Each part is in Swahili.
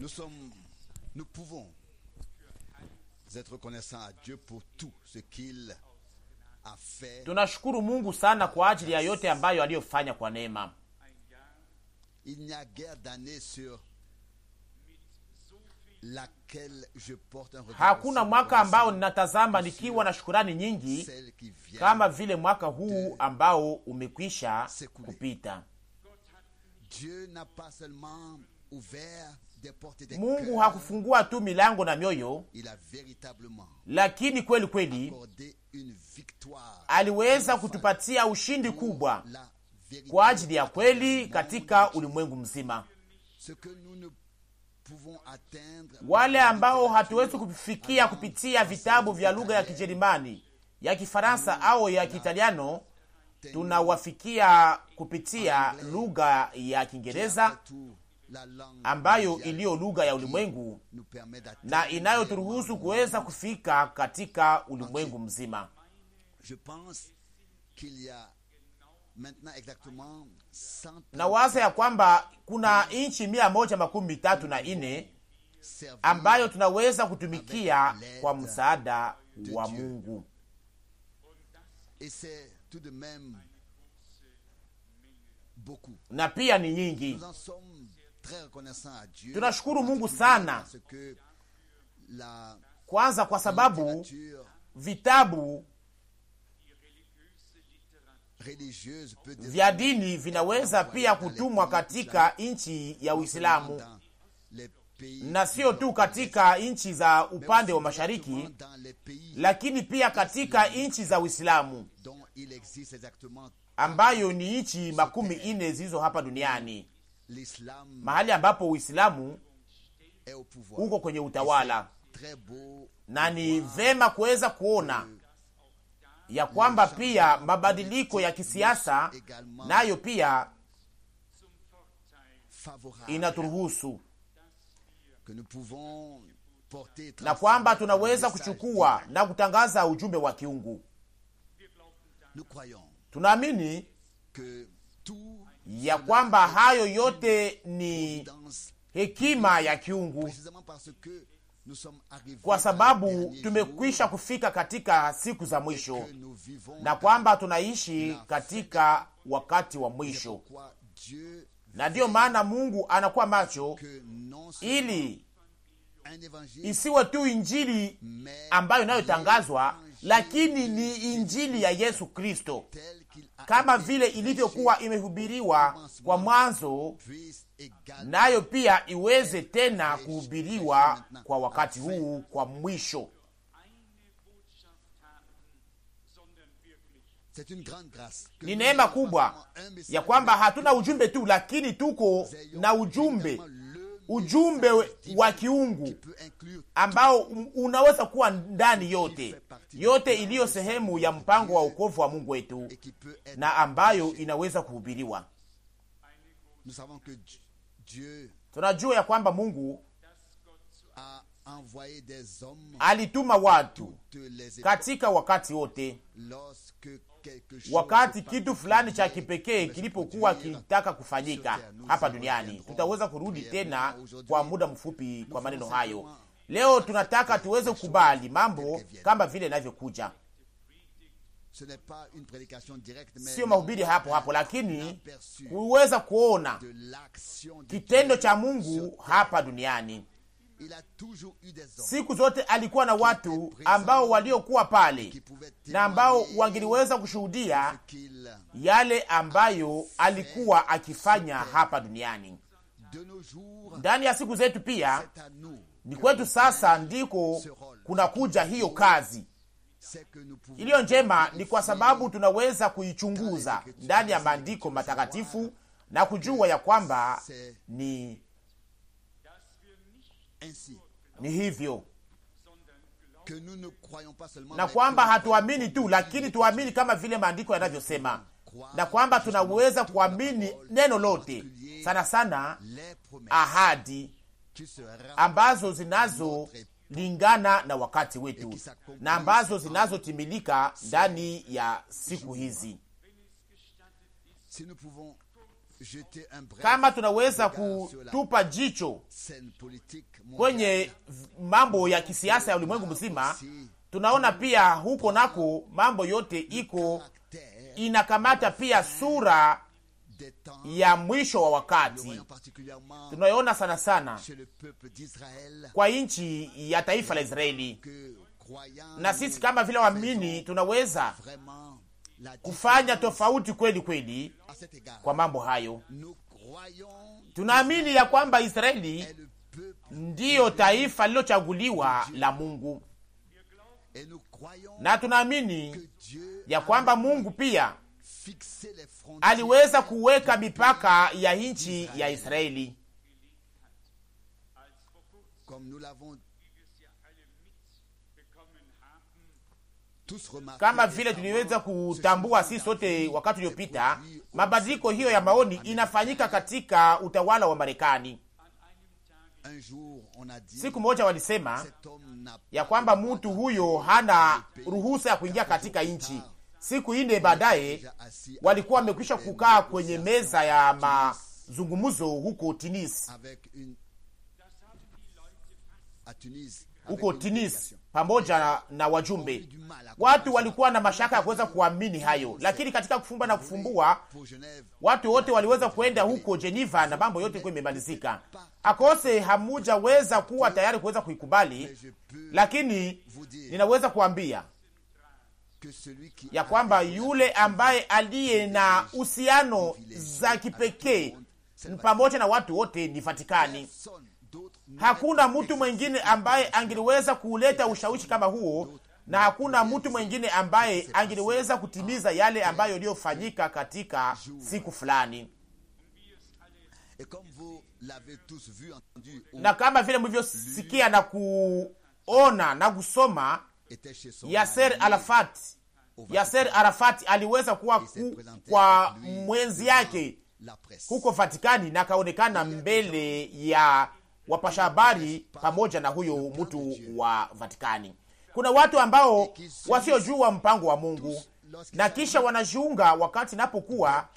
Nous sommes, nous pouvons être reconnaissants à Dieu pour tout ce qu'il a fait. Tunashukuru Mungu sana kwa ajili ya yote ambayo aliyofanya kwa neema. Il n'y a guère d'années sur laquelle je porte un regard. Hakuna mwaka ambao ninatazama nikiwa na shukurani nyingi kama vile mwaka huu ambao umekwisha kupita. Dieu n'a pas seulement ouvert Mungu hakufungua tu milango na mioyo, lakini kweli kweli aliweza kutupatia ushindi kubwa kwa ajili ya kweli katika ulimwengu mzima. Wale ambao hatuwezi kufikia kupitia vitabu vya lugha ya kijerimani ya Kifaransa au ya Kiitaliano, tunawafikia kupitia lugha ya Kiingereza ambayo iliyo lugha ya ulimwengu na inayoturuhusu kuweza kufika katika ulimwengu mzima. Na waza ya kwamba kuna nchi mia moja makumi tatu na nne ambayo tunaweza kutumikia kwa msaada wa Mungu. Na pia ni nyingi Tunashukuru Mungu sana kwanza kwa sababu vitabu vya dini vinaweza pia kutumwa katika nchi ya Uislamu na sio tu katika nchi za upande wa mashariki, lakini pia katika nchi za Uislamu ambayo ni nchi makumi nne zilizo hapa duniani mahali ambapo Uislamu uko kwenye utawala, na ni vema kuweza kuona ya kwamba pia mabadiliko ya kisiasa nayo pia inaturuhusu na kwamba tunaweza kuchukua na kutangaza ujumbe wa kiungu. Tunaamini ya kwamba hayo yote ni hekima ya kiungu, kwa sababu tumekwisha kufika katika siku za mwisho na kwamba tunaishi katika wakati wa mwisho, na ndiyo maana Mungu anakuwa macho ili isiwe tu injili ambayo inayotangazwa, lakini ni injili ya Yesu Kristo kama vile ilivyokuwa imehubiriwa kwa mwanzo, nayo pia iweze tena kuhubiriwa kwa wakati huu kwa mwisho. Ni neema kubwa ya kwamba hatuna ujumbe tu, lakini tuko na ujumbe ujumbe wa kiungu ambao unaweza kuwa ndani yote yote iliyo sehemu ya mpango wa ukovu wa Mungu wetu na ambayo inaweza kuhubiriwa. Tunajua ya kwamba Mungu alituma watu katika wakati wote wakati kitu fulani cha kipekee kilipokuwa kitaka kufanyika hapa duniani. Tutaweza kurudi tena kwa muda mfupi kwa maneno hayo. Leo tunataka tuweze kukubali mambo kama vile inavyokuja. Sio mahubiri hapo hapo, lakini kuweza kuona kitendo cha Mungu hapa duniani Siku zote alikuwa na watu ambao waliokuwa pale na ambao wangeliweza kushuhudia yale ambayo alikuwa akifanya hapa duniani. Ndani ya siku zetu pia ni kwetu sasa ndiko kunakuja hiyo kazi iliyo njema, ni kwa sababu tunaweza kuichunguza ndani ya maandiko matakatifu na kujua ya kwamba ni ni hivyo na kwamba hatuamini tu, lakini tuamini kama vile maandiko yanavyosema, na kwamba tunaweza kuamini neno lote, sana sana ahadi ambazo zinazolingana na wakati wetu na ambazo zinazotimilika ndani ya siku hizi kama tunaweza kutupa jicho kwenye mambo ya kisiasa ya ulimwengu mzima, tunaona pia huko nako mambo yote iko inakamata pia sura ya mwisho wa wakati tunayoona sana sana kwa nchi ya taifa la Israeli, na sisi kama vile waamini tunaweza kufanya tofauti kweli kweli kwa mambo hayo. Tunaamini ya kwamba Israeli ndiyo taifa lilochaguliwa la Mungu, na tunaamini ya kwamba Mungu pia aliweza kuweka mipaka ya nchi ya Israeli kama vile tuliweza kutambua sisi sote wakati uliopita, mabadiliko hiyo ya maoni inafanyika katika utawala wa Marekani. Siku moja walisema ya kwamba mtu huyo hana ruhusa ya kuingia katika nchi. Siku ine baadaye walikuwa wamekwisha kukaa kwenye meza ya mazungumzo huko Tunis huko Tunis pamoja na wajumbe. Watu walikuwa na mashaka ya kuweza kuamini hayo, lakini katika kufumba na kufumbua watu wote waliweza kuenda huko Geneva na mambo yote ilikuwa imemalizika. Akose hamujaweza kuwa tayari kuweza kuikubali, lakini ninaweza kuambia ya kwamba yule ambaye aliye na uhusiano za kipekee pamoja na watu wote ni Vatikani. Hakuna mtu mwengine ambaye angeliweza kuleta ushawishi kama huo, na hakuna mtu mwengine ambaye angeliweza kutimiza yale ambayo iliyofanyika katika siku fulani. Na kama vile mlivyosikia na kuona na kusoma, Yaser Arafat, Yaser Arafat aliweza kuwa ku, kwa mwenzi yake huko Vatikani na akaonekana mbele ya wapasha habari pamoja na huyo mtu wa Vatikani. Kuna watu ambao wasiojua mpango wa Mungu na kisha wanajiunga wakati napokuwa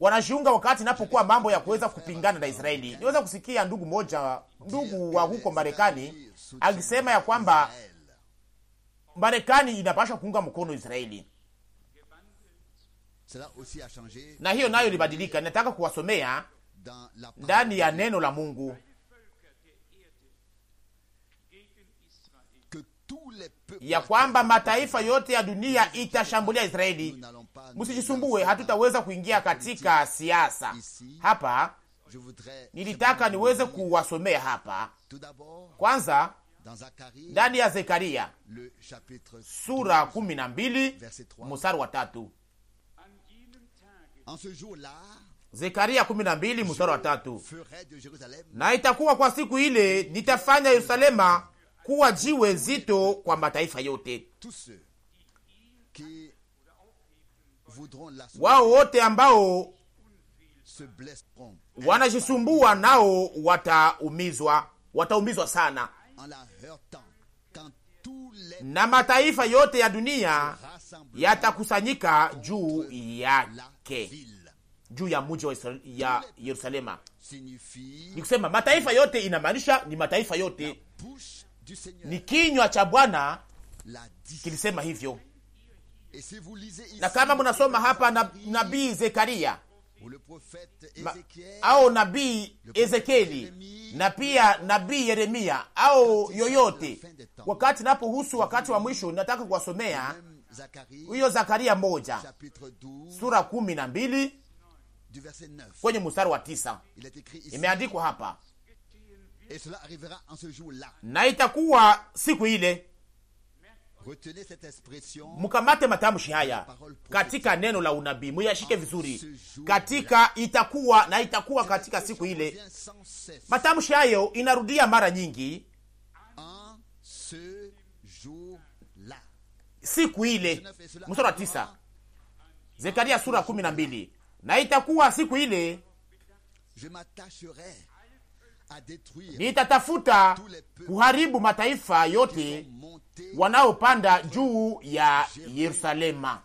wanajiunga wakati napokuwa mambo ya kuweza kupingana na Israeli. Niweza kusikia ndugu moja, ndugu wa huko Marekani akisema ya kwamba Marekani inapashwa kuunga mkono Israeli, na hiyo nayo ilibadilika. Nataka kuwasomea ndani ya neno la Mungu ya kwamba mataifa yote ya dunia itashambulia Israeli. Msijisumbue, hatutaweza kuingia katika siasa hapa. Nilitaka niweze kuwasomea hapa kwanza ndani ya Zekaria sura kumi na mbili mstari wa tatu Zekaria 12 mstari wa tatu. Na itakuwa kwa siku ile nitafanya Yerusalema kuwa jiwe zito kwa mataifa yote. Wao wote ambao wanajisumbua nao wataumizwa, wataumizwa sana na mataifa yote ya dunia yatakusanyika juu yake juu ya mji wa ya Yerusalema. Ni kusema mataifa yote, inamaanisha ni mataifa yote. Ni kinywa cha Bwana kilisema hivyo. na kama mnasoma hapa na, nabii Zekaria au nabii Ezekieli na pia nabii Yeremia au yoyote, wakati napohusu wakati wa mwisho, nataka kuwasomea huyo Zakaria moja sura kumi na mbili kwenye mstari wa tisa imeandikwa hapa, na itakuwa siku ile. Mkamate matamshi haya katika neno la unabii, muyashike vizuri katika itakuwa na itakuwa katika siku ile. Matamshi hayo inarudia mara nyingi, siku ile, mstari wa tisa, Zekaria sura kumi na mbili na itakuwa siku ile nitatafuta kuharibu mataifa yote wanaopanda juu ya Yerusalema.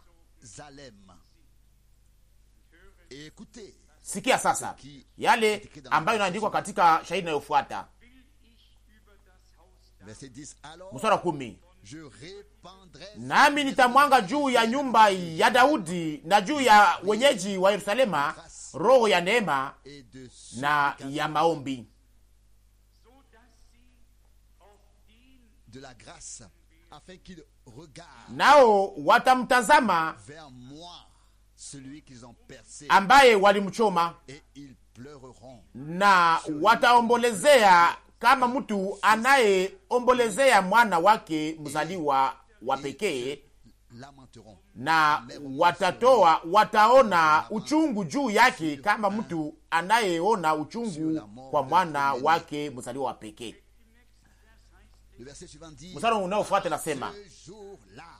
Sikia sasa yale ambayo inaandikwa katika shahidi inayofuata mstari wa kumi nami nitamwanga juu ya nyumba ya Daudi na juu ya wenyeji wa Yerusalema roho ya neema na ya maombi, nao watamtazama ambaye walimchoma na wataombolezea kama mtu anayeombolezea mwana wake mzaliwa wa pekee, na watatoa wataona uchungu juu yake kama mtu anayeona uchungu kwa mwana wake mzaliwa wa pekee. Mstari unaofuata nasema,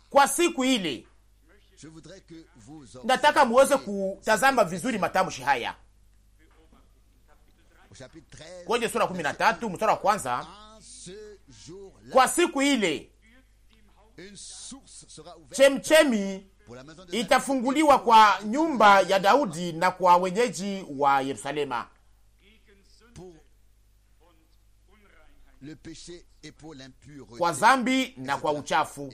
kwa siku ile nataka muweze kutazama vizuri matamshi haya kwenye sura kumi na tatu mstari wa kwanza kwa siku ile chemchemi itafunguliwa kwa nyumba ya Daudi na kwa wenyeji wa Yerusalema kwa zambi na kwa uchafu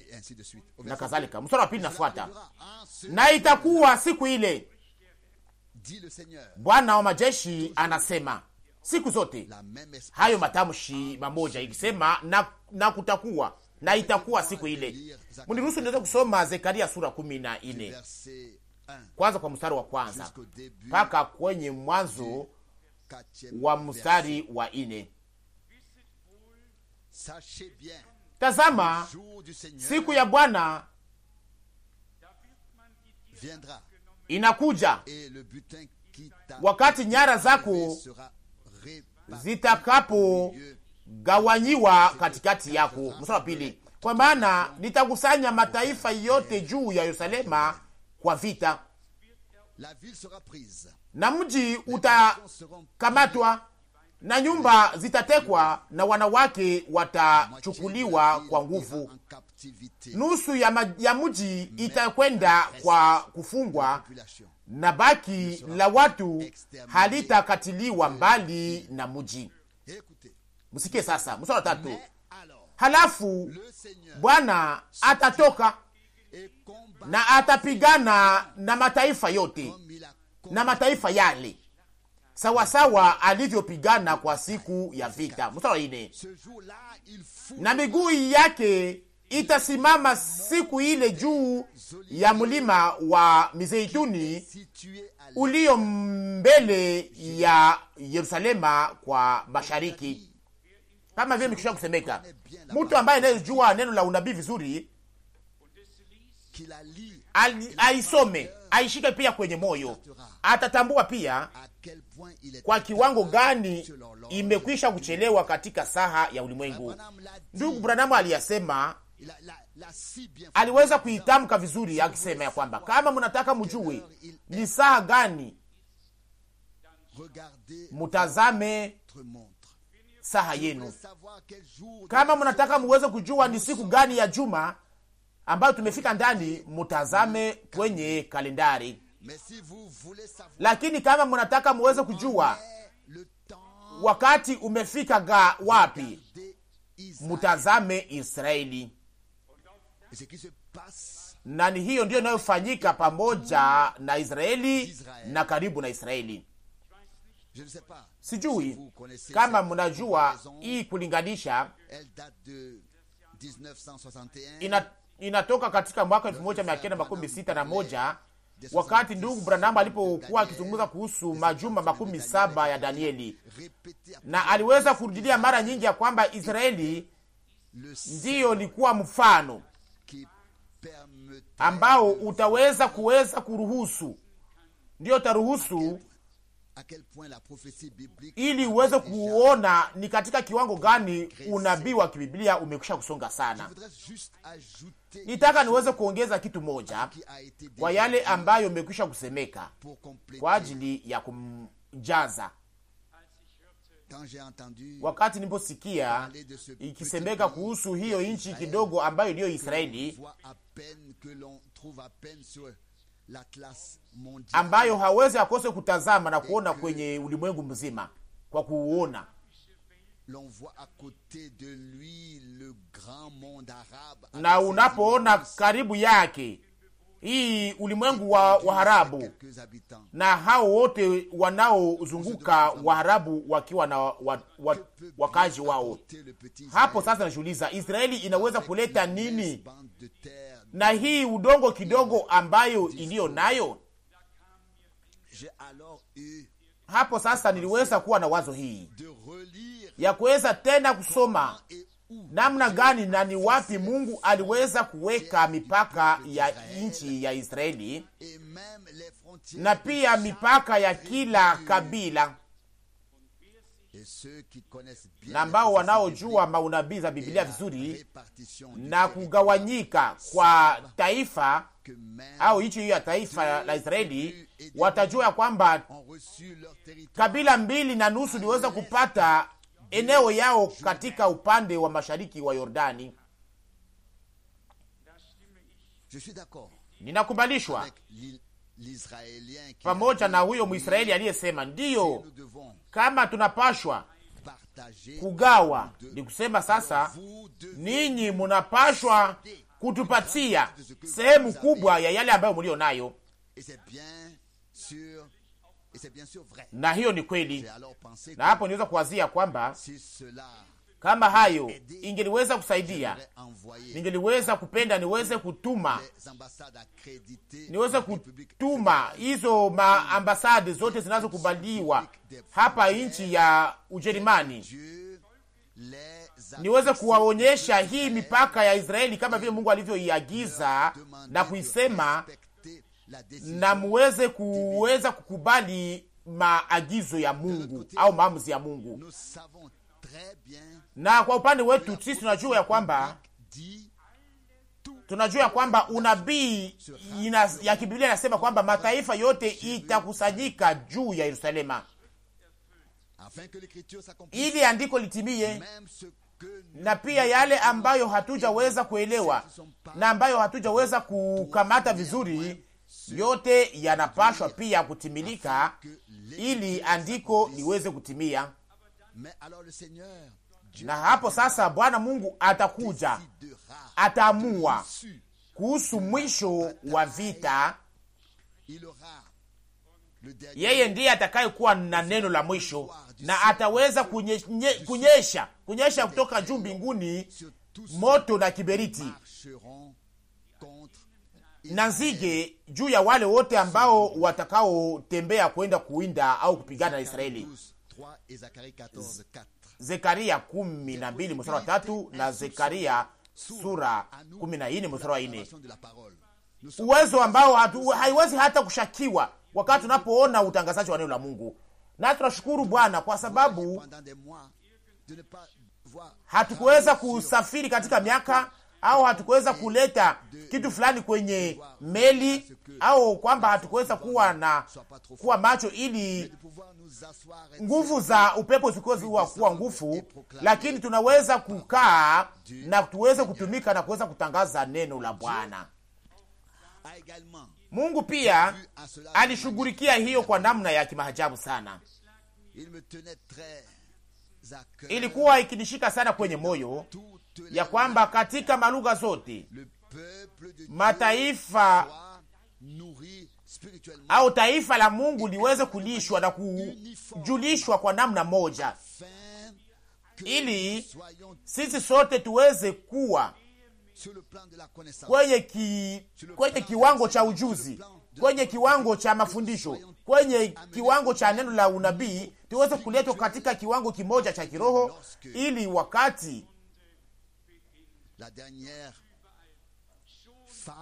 na kadhalika. Mstari wa pili nafuata, na itakuwa siku ile, Bwana wa majeshi anasema siku zote. Hayo matamshi mamoja ikisema na, na kutakuwa na itakuwa siku ile. Mniruhusu niweze kusoma Zekaria sura kumi na nne kwanza kwa mstari wa kwanza mpaka kwenye mwanzo wa mstari wa nne. Tazama, siku ya Bwana inakuja, wakati nyara zako zitakapogawanyiwa katikati yako. Mstari wa pili, kwa maana nitakusanya mataifa yote juu ya Yerusalema kwa vita, na mji utakamatwa na nyumba zitatekwa na wanawake watachukuliwa kwa nguvu. Nusu ya, ya mji itakwenda kwa kufungwa na baki la watu halitakatiliwa mbali na mji. Msikie sasa mstari wa tatu. Halafu Bwana atatoka na atapigana na mataifa yote na mataifa yale sawasawa alivyopigana kwa siku ya vita. Mstari wa nne. Na miguu yake itasimama siku ile juu ya mlima wa Mizeituni ulio mbele ya Yerusalema kwa mashariki, kama vile mikisha kusemeka. Mtu ambaye anayejua neno la unabii vizuri aisome aishike pia kwenye moyo, atatambua pia kwa kiwango gani imekwisha kuchelewa katika saha ya ulimwengu. Ndugu Branamu aliyasema aliweza kuitamka vizuri akisema ya kwamba kama mnataka mjue ni saa gani, mutazame saha yenu. Kama mnataka muweze kujua ni siku gani ya juma ambayo tumefika ndani, mutazame kwenye kalendari. Lakini kama mnataka muweze kujua wakati umefika ga wapi, mutazame Israeli na ni hiyo ndiyo inayofanyika pamoja na Israeli na karibu na Israeli. Sijui kama mnajua hii kulinganisha ina, inatoka katika mwaka elfu moja mia kenda makumi sita na moja wakati ndugu Branham alipokuwa akizungumza kuhusu majumba makumi saba ya Danieli, na aliweza kurudilia mara nyingi ya kwamba Israeli ndiyo likuwa mfano ambao utaweza kuweza kuruhusu, ndio utaruhusu ili uweze kuona ni katika kiwango gani unabii wa kibiblia umekwisha kusonga sana. Nitaka niweze kuongeza kitu moja kwa yale ambayo imekwisha kusemeka kwa ajili ya kumjaza Wakati niliposikia ikisemeka kuhusu hiyo nchi kidogo ambayo ndiyo Israeli ambayo hawezi akose kutazama na kuona kwenye ulimwengu mzima kwa kuuona na unapoona karibu yake hii ulimwengu wa Waharabu na hao wote wanaozunguka Waharabu wakiwa na wa, wa, wakazi wao. Hapo sasa najiuliza, Israeli inaweza kuleta nini na hii udongo kidogo ambayo iliyo nayo? Hapo sasa niliweza kuwa na wazo hii ya kuweza tena kusoma namna gani na ni wapi Mungu aliweza kuweka mipaka ya nchi ya Israeli na pia mipaka ya kila kabila, na ambao wanaojua maunabii za Biblia vizuri na kugawanyika kwa taifa au nchi hiyo ya taifa la Israeli watajua ya kwamba kabila mbili na nusu liweza kupata eneo yao katika upande wa mashariki wa Yordani. Ninakubalishwa pamoja na huyo Mwisraeli aliyesema ndiyo, kama tunapashwa kugawa, ni kusema sasa, ninyi munapashwa kutupatia sehemu kubwa ya yale ambayo mulio nayo na hiyo ni kweli. Na hapo niweza kuwazia kwamba kama hayo ingeliweza kusaidia, ningeliweza kupenda niweze kutuma niweze kutuma hizo maambasadi zote zinazokubaliwa hapa nchi ya Ujerumani, niweze kuwaonyesha hii mipaka ya Israeli kama vile Mungu alivyoiagiza na kuisema na muweze kuweza kukubali maagizo ya Mungu au maamuzi ya Mungu. Na kwa upande wetu sisi tunajua ya kwamba tunajua ya kwamba unabii ya kibiblia inasema kwamba mataifa yote itakusanyika juu ya Yerusalema ili andiko litimie, na pia yale ambayo hatujaweza kuelewa na ambayo hatujaweza kukamata vizuri yote yanapashwa pia kutimilika ili andiko liweze kutimia. Na hapo sasa Bwana Mungu atakuja, ataamua kuhusu mwisho wa vita. Yeye ndiye atakayekuwa na neno la mwisho, na ataweza kunyesha kunyesha kutoka juu mbinguni moto na kiberiti na nzige juu ya wale wote ambao watakaotembea kwenda kuwinda au kupigana na Israeli. Zekaria mbili mstari wa tatu na Zekaria sura 14 mstari wa 4. Uwezo ambao haiwezi hata kushakiwa wakati unapoona utangazaji wa neno la Mungu, na tunashukuru Bwana kwa sababu hatukuweza kusafiri katika miaka au hatukuweza kuleta kitu fulani kwenye meli, au kwamba hatukuweza kuwa na kuwa macho ili nguvu za upepo zikuwa kuwa nguvu, lakini tunaweza kukaa na tuweze kutumika na kuweza kutangaza neno la Bwana. Mungu pia alishughulikia hiyo kwa namna ya kimahajabu sana. Ilikuwa ikinishika sana kwenye moyo ya kwamba katika malugha zote mataifa au taifa la Mungu liweze kulishwa na kujulishwa kwa namna moja, ili sisi sote tuweze kuwa kwenye, ki, kwenye kiwango cha ujuzi, kwenye kiwango cha mafundisho, kwenye kiwango cha neno la unabii, tuweze kuletwa katika kiwango kimoja cha kiroho, ili wakati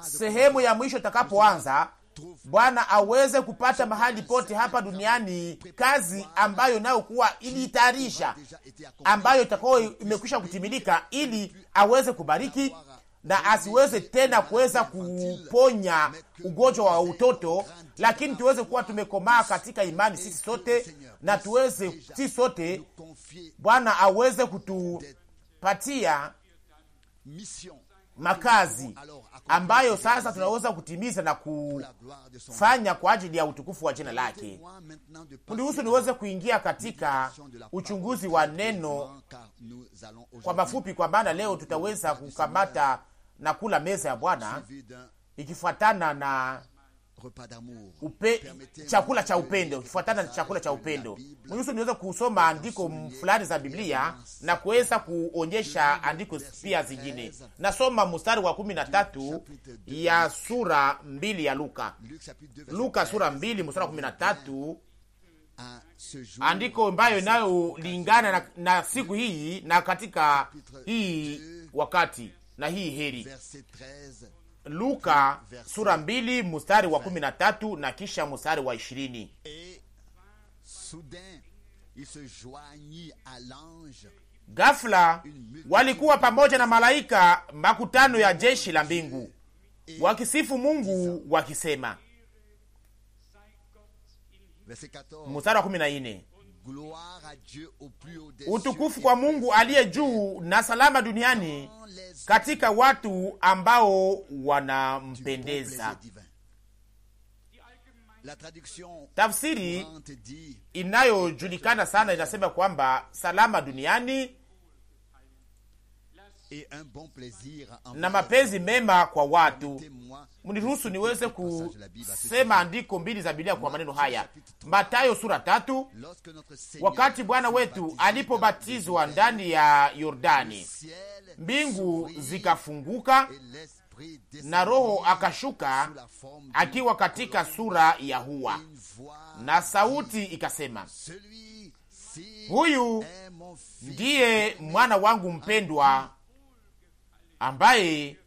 sehemu ya mwisho itakapoanza, Bwana aweze kupata mahali pote hapa duniani kazi ambayo nayo kuwa ambayo itakuwa imekwisha kutimilika, ili aweze kubariki na asiweze tena kuweza kuponya ugonjwa wa utoto, lakini tuweze kuwa tumekomaa katika imani sisi sote, na tuweze sisi sote Bwana aweze kutupatia makazi ambayo sasa tunaweza kutimiza na kufanya kwa ajili ya utukufu wa jina lake. Mniruhusu niweze kuingia katika uchunguzi wa neno kwa mafupi, kwa maana leo tutaweza kukamata na kula meza ya Bwana ikifuatana na upe, chakula cha upendo kifuatana na chakula cha upendo. Mnusu niweza kusoma andiko fulani za Biblia na kuweza kuonyesha andiko pia zingine. Nasoma mstari wa kumi na tatu ya sura mbili ya Luka, Luka sura mbili mstari wa 13 andiko ambayo inayolingana na, na siku hii na katika hii wakati na hii heri Luka sura mbili mstari wa kumi na tatu na kisha mstari wa ishirini. Ghafla walikuwa pamoja na malaika makutano ya jeshi la mbingu wakisifu Mungu wakisema, mstari wa kumi na nne Utukufu kwa Mungu aliye juu na salama duniani katika watu ambao wanampendeza. Tafsiri inayojulikana sana inasema kwamba salama duniani na mapenzi mema kwa watu. Mniruhusu niweze kusema andiko mbili za Biblia kwa maneno haya. Matayo sura tatu, wakati Bwana wetu alipobatizwa ndani ya Yordani, mbingu zikafunguka na Roho akashuka akiwa katika sura ya hua, na sauti ikasema, huyu ndiye mwana wangu mpendwa ambaye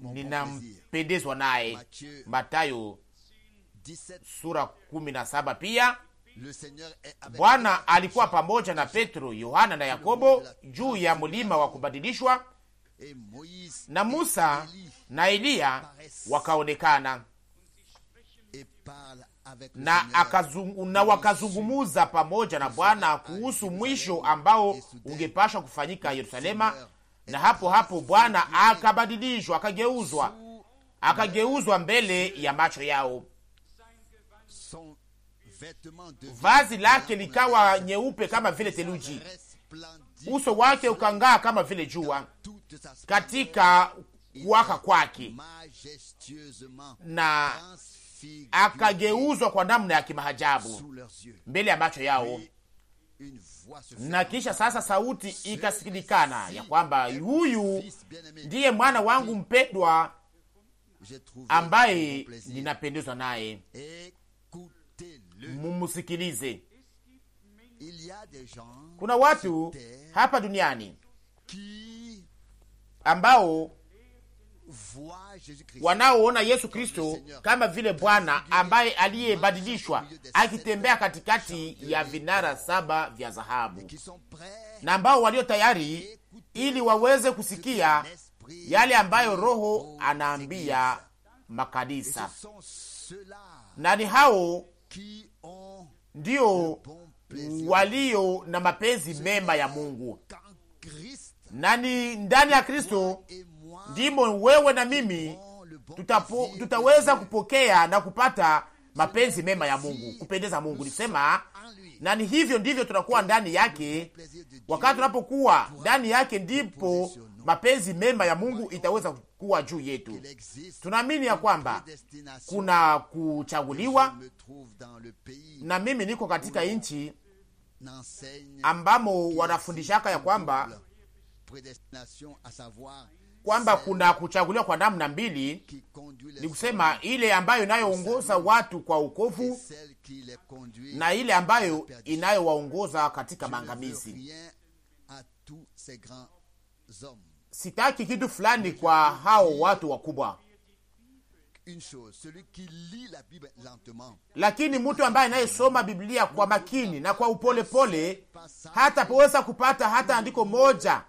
ninampendezwa naye. Matayo sura kumi na saba. Pia Bwana alikuwa pamoja na Petro, Yohana na Yakobo juu ya mlima wa kubadilishwa, na Musa na Eliya wakaonekana na, akazungu, na wakazungumuza pamoja na Bwana kuhusu mwisho ambao ungepashwa kufanyika Yerusalema na hapo hapo Bwana akabadilishwa, akageuzwa, akageuzwa mbele ya macho yao. Vazi lake likawa nyeupe kama vile theluji, uso wake ukangaa kama vile jua katika kuwaka kwake, na akageuzwa kwa namna ya kimahajabu mbele ya macho yao na kisha sasa sauti ikasikilikana ya kwamba huyu ndiye mwana wangu mpendwa ambaye ninapendezwa naye, mumusikilize. Kuna watu hapa duniani ambao wanaoona Yesu Kristo kama vile Bwana ambaye aliyebadilishwa akitembea katikati ya vinara saba vya dhahabu, na ambao walio tayari ili waweze kusikia yale ambayo Roho anaambia makanisa, na ni hao ndio walio na mapenzi mema ya Mungu, na ni ndani ya Kristo ndimo wewe na mimi tutapo, tutaweza kupokea na kupata mapenzi mema ya Mungu, kupendeza Mungu nisema, na ni hivyo ndivyo tunakuwa ndani yake. Wakati tunapokuwa ndani yake, ndipo mapenzi mema ya Mungu itaweza kuwa juu yetu. Tunaamini ya kwamba kuna kuchaguliwa, na mimi niko katika nchi ambamo wanafundishaka ya kwamba kwamba kuna kuchaguliwa kwa namna mbili, ni kusema ile ambayo inayoongoza watu kwa ukovu na ile ambayo inayowaongoza katika maangamizi. Sitaki kitu fulani kwa hao watu wakubwa, lakini mtu ambaye anayesoma Biblia kwa makini na kwa upolepole hatapoweza kupata hata andiko moja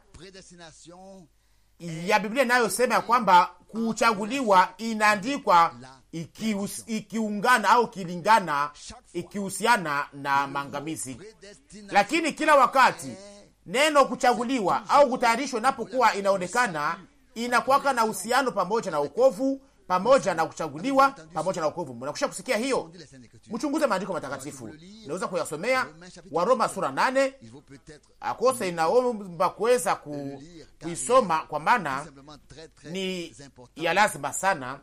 ya Biblia inayosema ya kwamba kuchaguliwa inaandikwa ikiungana ikiungana au ikilingana ikihusiana na maangamizi. Lakini kila wakati neno kuchaguliwa au kutayarishwa inapokuwa inaonekana inakuwaka na uhusiano pamoja na wokovu pamoja na kuchaguliwa, pamoja na wokovu. Mnakusha kusikia hiyo, mchunguze maandiko matakatifu, naweza kuyasomea Waroma sura nane akose, inaomba kuweza kuisoma kwa maana ni ya lazima sana,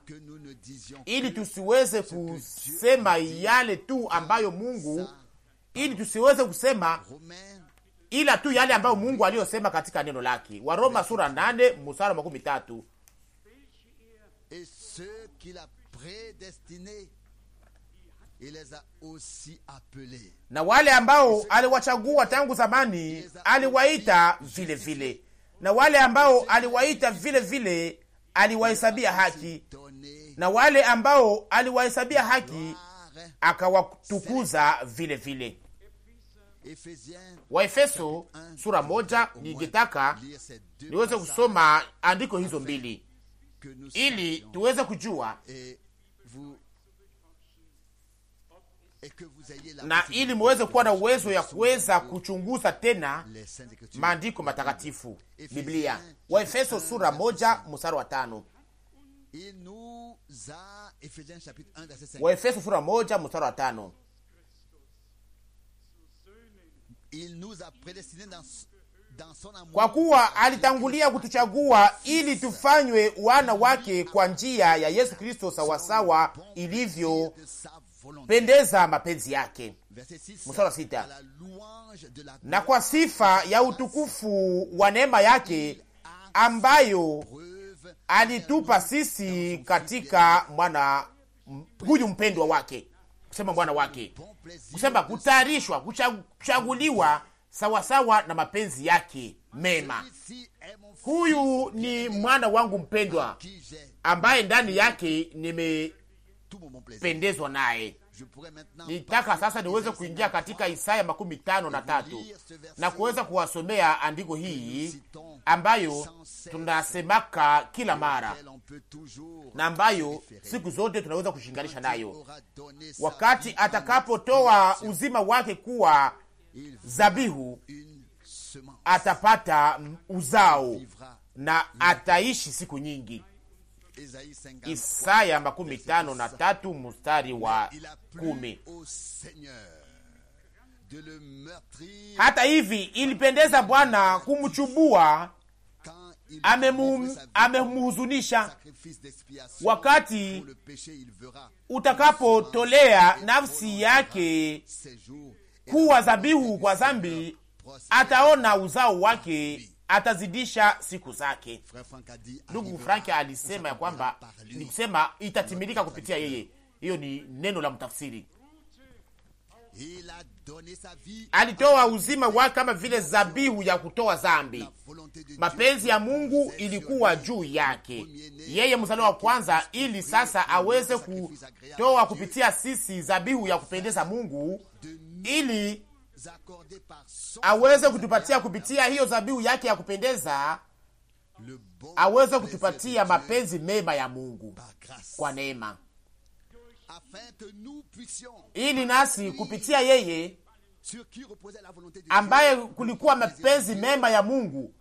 ili tusiweze kusema yale tu ambayo Mungu, ili tusiweze kusema ila tu yale ambayo Mungu aliyosema katika neno lake. Waroma sura nane mstari makumi tatu. Et ceux qu'il a prédestinés, il les a aussi appelés. Na wale ambao aliwachagua tangu zamani aliwaita vile vile, na wale ambao aliwaita vile vile aliwahesabia haki, na wale ambao aliwahesabia haki akawatukuza vile vile. Waefeso sura moja, ningetaka niweze kusoma andiko hizo mbili ili tuweze kujua na ili muweze kuwa na uwezo ya kuweza kuchunguza tena maandiko matakatifu Biblia. Waefeso sura moja mstari wa tano. Waefeso sura moja mstari wa tano kwa kuwa alitangulia kutuchagua ili tufanywe wana wake kwa njia ya Yesu Kristo sawasawa ilivyopendeza mapenzi yake. Mstari sita. Na kwa sifa ya utukufu wa neema yake ambayo alitupa sisi katika mwana huyu mpendwa wake, kusema mwana wake, kusema kutayarishwa, kuchaguliwa sawasawa na mapenzi yake mema. Huyu ni mwana wangu mpendwa, ambaye ndani yake nimependezwa naye. Nitaka sasa niweze kuingia katika Isaya makumi tano na tatu na kuweza kuwasomea andiko hii ambayo tunasemaka kila mara na ambayo siku zote tunaweza kushinganisha nayo, wakati atakapotoa uzima wake kuwa zabihu atapata uzao na ataishi siku nyingi. Isaya makumi tano na tatu mustari wa kumi. Hata hivi ilipendeza Bwana kumchubua, amemhuzunisha. Wakati utakapotolea nafsi yake kuwa zabihu kwa zambi ataona uzao wake atazidisha siku zake. Ndugu Frank alisema ya kwamba ni kusema itatimilika kupitia yeye. Hiyo ni neno la mtafsiri. Alitoa uzima wake kama vile zabihu ya kutoa zambi. Mapenzi ya Mungu ilikuwa juu yake, yeye mzaliwa wa kwanza, ili sasa aweze kutoa kupitia sisi zabihu ya kupendeza Mungu ili aweze kutupatia kupitia hiyo zabihu yake ya kupendeza, aweze kutupatia mapenzi mema ya Mungu kwa neema, ili nasi kupitia yeye ambaye kulikuwa mapenzi mema ya Mungu,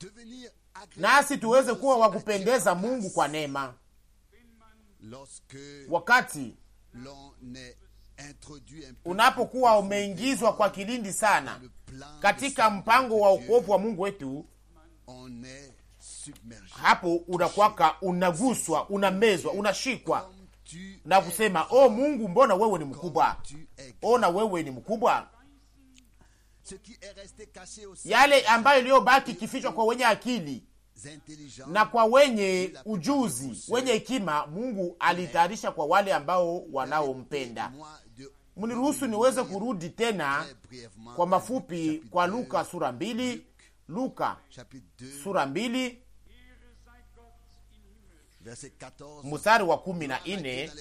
nasi tuweze kuwa wa kupendeza Mungu kwa neema wakati unapokuwa umeingizwa kwa kilindi sana katika mpango wa ukovu wa Mungu wetu, hapo unakwaka, unaguswa, unamezwa, unashikwa na kusema o oh, Mungu, mbona wewe ni mkubwa, ona wewe ni mkubwa. Yale ambayo iliyobaki kifichwa kwa wenye akili na kwa wenye ujuzi, wenye hekima, Mungu alitayarisha kwa wale ambao wanaompenda mniruhusu niweze kurudi tena kwa mafupi kwa Luka sura mbili, Luka sura mbili mstari wa kumi na nne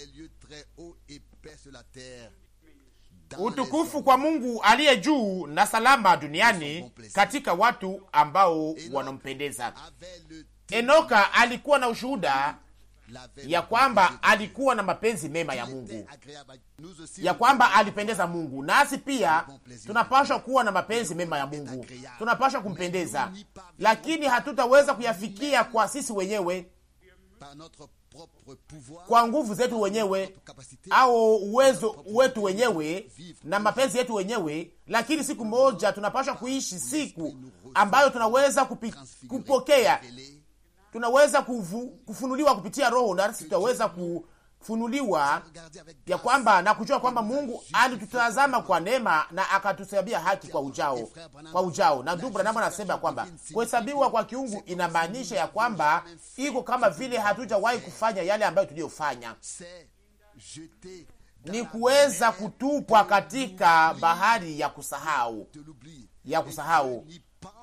utukufu kwa Mungu aliye juu na salama duniani katika watu ambao wanampendeza. Enoka alikuwa na ushuhuda ya kwamba alikuwa na mapenzi mema ya Mungu, ya kwamba alipendeza Mungu, nasi pia tunapashwa kuwa na mapenzi mema ya Mungu, tunapashwa kumpendeza, lakini hatutaweza kuyafikia kwa sisi wenyewe, kwa nguvu zetu wenyewe au uwezo wetu wenyewe na mapenzi yetu wenyewe. Lakini siku moja tunapashwa kuishi siku ambayo tunaweza kupi, kupokea tunaweza kufu, kufunuliwa kupitia Roho, nasi tutaweza kufunuliwa ya kwamba na kujua kwamba Mungu alitutazama kwa neema na akatusabia haki kwa ujao, kwa ujao. Na ndugu Branham anasema kwamba kuhesabiwa kwa kiungu inamaanisha ya kwamba iko kama vile hatujawahi kufanya yale ambayo tuliyofanya ni kuweza kutupwa katika bahari ya kusahau ya kusahau,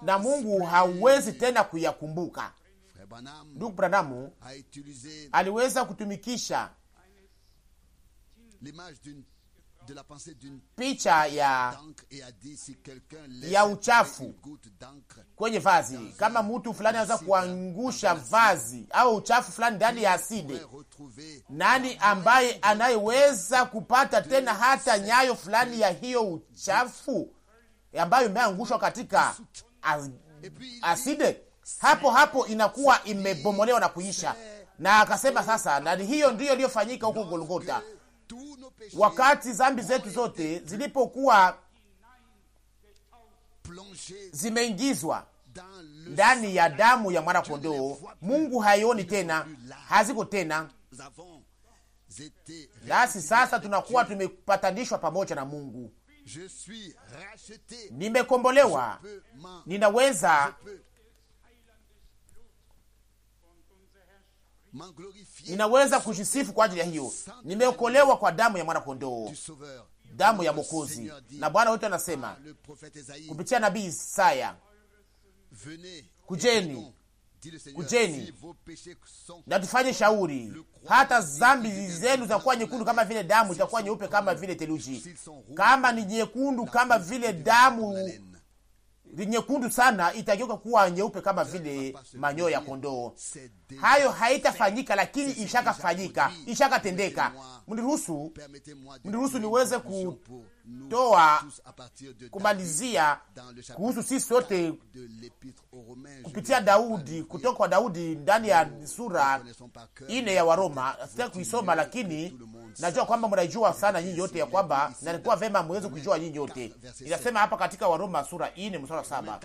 na Mungu hauwezi tena kuyakumbuka ndugu Branamu aliweza kutumikisha De la picha ya ya uchafu kwenye vazi. Kama mtu fulani anaweza kuangusha vazi au uchafu fulani ndani ya asidi, nani ambaye anayeweza kupata tena hata nyayo fulani ya hiyo uchafu ambayo imeangushwa katika asidi? hapo hapo inakuwa imebomolewa na kuisha. Na akasema sasa, na hiyo ndiyo iliyofanyika huko Golgota, wakati zambi zetu zote zilipokuwa zimeingizwa ndani ya damu ya mwana kondoo. Mungu haioni tena, haziko tena nasi. Sasa tunakuwa tumepatanishwa pamoja na Mungu. Nimekombolewa, ninaweza ninaweza kujisifu kwa ajili ya hiyo, nimeokolewa kwa damu ya mwanakondoo, damu ya mokozi Na Bwana wetu anasema kupitia nabii Isaya, kujeni kujeni na tufanye shauri, hata zambi zenu zitakuwa nyekundu kama vile damu, zitakuwa nyeupe kama vile teluji Kama ni nyekundu kama vile damu nyekundu sana, itageuka kuwa nyeupe kama vile manyoya ya kondoo hayo haitafanyika, lakini ishakafanyika, ishakatendeka. Mniruhusu, mniruhusu niweze kutoa kumalizia kuhusu sisi sote kupitia Daudi, kutoka kwa Daudi ndani ya sura ine ya Waroma. Sitaki kuisoma, lakini najua kwamba mnaijua sana nyinyi yote, ya kwamba nalikuwa vema mweze kuijua nyinyi yote. Inasema hapa katika Waroma sura ine mstari saba,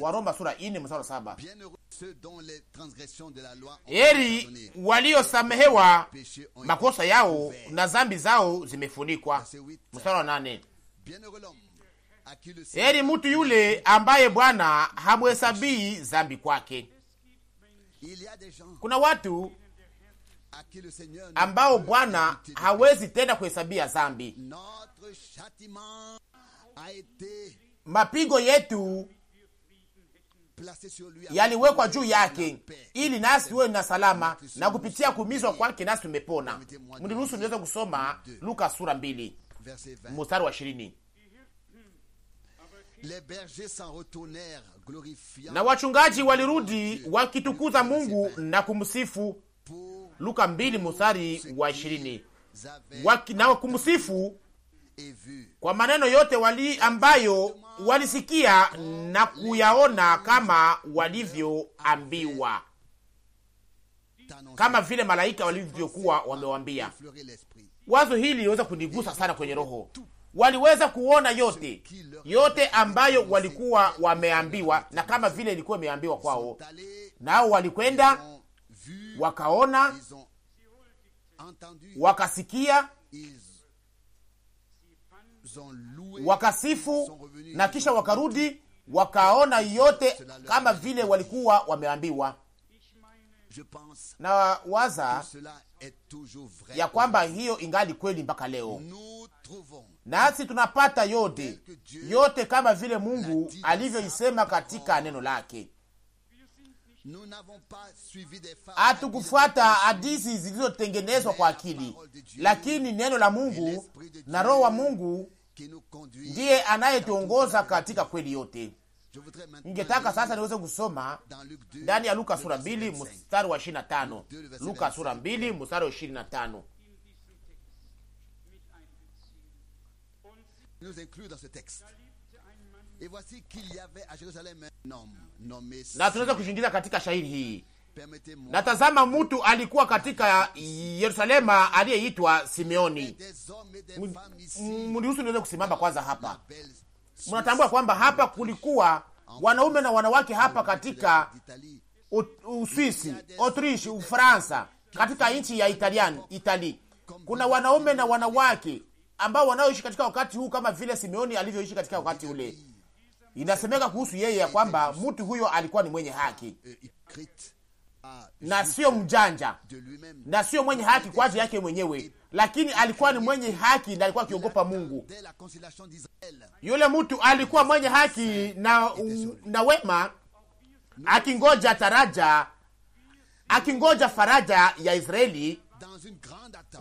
Waroma sura ine mstari saba Heri waliosamehewa makosa yao na zambi zao zimefunikwa. Mstari wa nane. Heri mtu yule ambaye Bwana hamuhesabii zambi kwake. Kuna watu ambao Bwana hawezi tena kuhesabia zambi. Mapigo yetu yaliwekwa juu yake, ili nasi tuwe na salama na kupitia kuumizwa kwake nasi tumepona. Mniruhusu niweze kusoma Luka sura mbili mstari wa ishirini na wachungaji walirudi wakitukuza Mungu na kumsifu. Luka mbili mstari wa ishirini na kumsifu kwa maneno yote wali ambayo walisikia na kuyaona kama walivyoambiwa, kama vile malaika walivyokuwa wamewambia. Wazo hili liliweza kunigusa sana kwenye roho. Waliweza kuona yote yote ambayo walikuwa wameambiwa, na kama vile ilikuwa imeambiwa kwao, nao walikwenda wakaona, wakasikia wakasifu na kisha wakarudi wakaona yote kama vile walikuwa wameambiwa. Na waza ya kwamba hiyo ingali kweli mpaka leo, nasi tunapata yote yote kama vile Mungu alivyoisema katika neno lake hatukufuata hadisi zilizotengenezwa kwa akili, lakini neno la Mungu na Roho wa Mungu ndiye anayetuongoza katika kweli yote. Ningetaka sasa niweze kusoma ndani ya Luka sura 2 mstari wa 25. Luka sura 2 mstari wa ishirini na tano na tunaweza kushingiza katika shairi hii, natazama mtu alikuwa katika Yerusalema aliyeitwa Simeoni. Mniruhusu niweze kusimama kwanza hapa. Mnatambua kwamba hapa kulikuwa wanaume na wanawake hapa katika Uswisi, Autrishi, Ufaransa, katika nchi ya Italian Itali, kuna wanaume na wanawake ambao wanaoishi katika wakati huu kama vile Simeoni alivyoishi katika wakati ule. Inasemeka kuhusu yeye ya kwamba mtu huyo alikuwa ni mwenye haki na sio mjanja na sio mwenye haki kwa ajili yake mwenyewe, lakini alikuwa ni mwenye haki na alikuwa akiogopa Mungu. Yule mtu alikuwa mwenye haki na, na wema, akingoja taraja, akingoja faraja ya Israeli.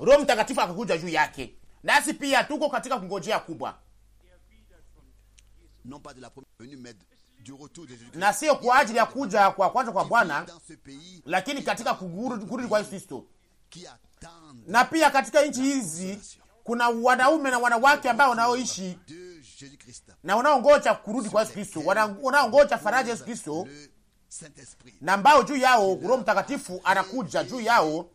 Roho Mtakatifu akakuja juu yake, nasi pia tuko katika kungojea kubwa non pas de la première venue mais de na sio kwa ajili ya kuja kwa kwanza kwa Bwana, lakini katika kurudi kwa Yesu Kristo. Na pia katika nchi hizi kuna wanaume na wanawake ambao wanaoishi na wanaongoja kurudi kwa Yesu Kristo, wanaongoja faraja Yesu Kristo, na ambao juu yao Roho Mtakatifu anakuja juu yao,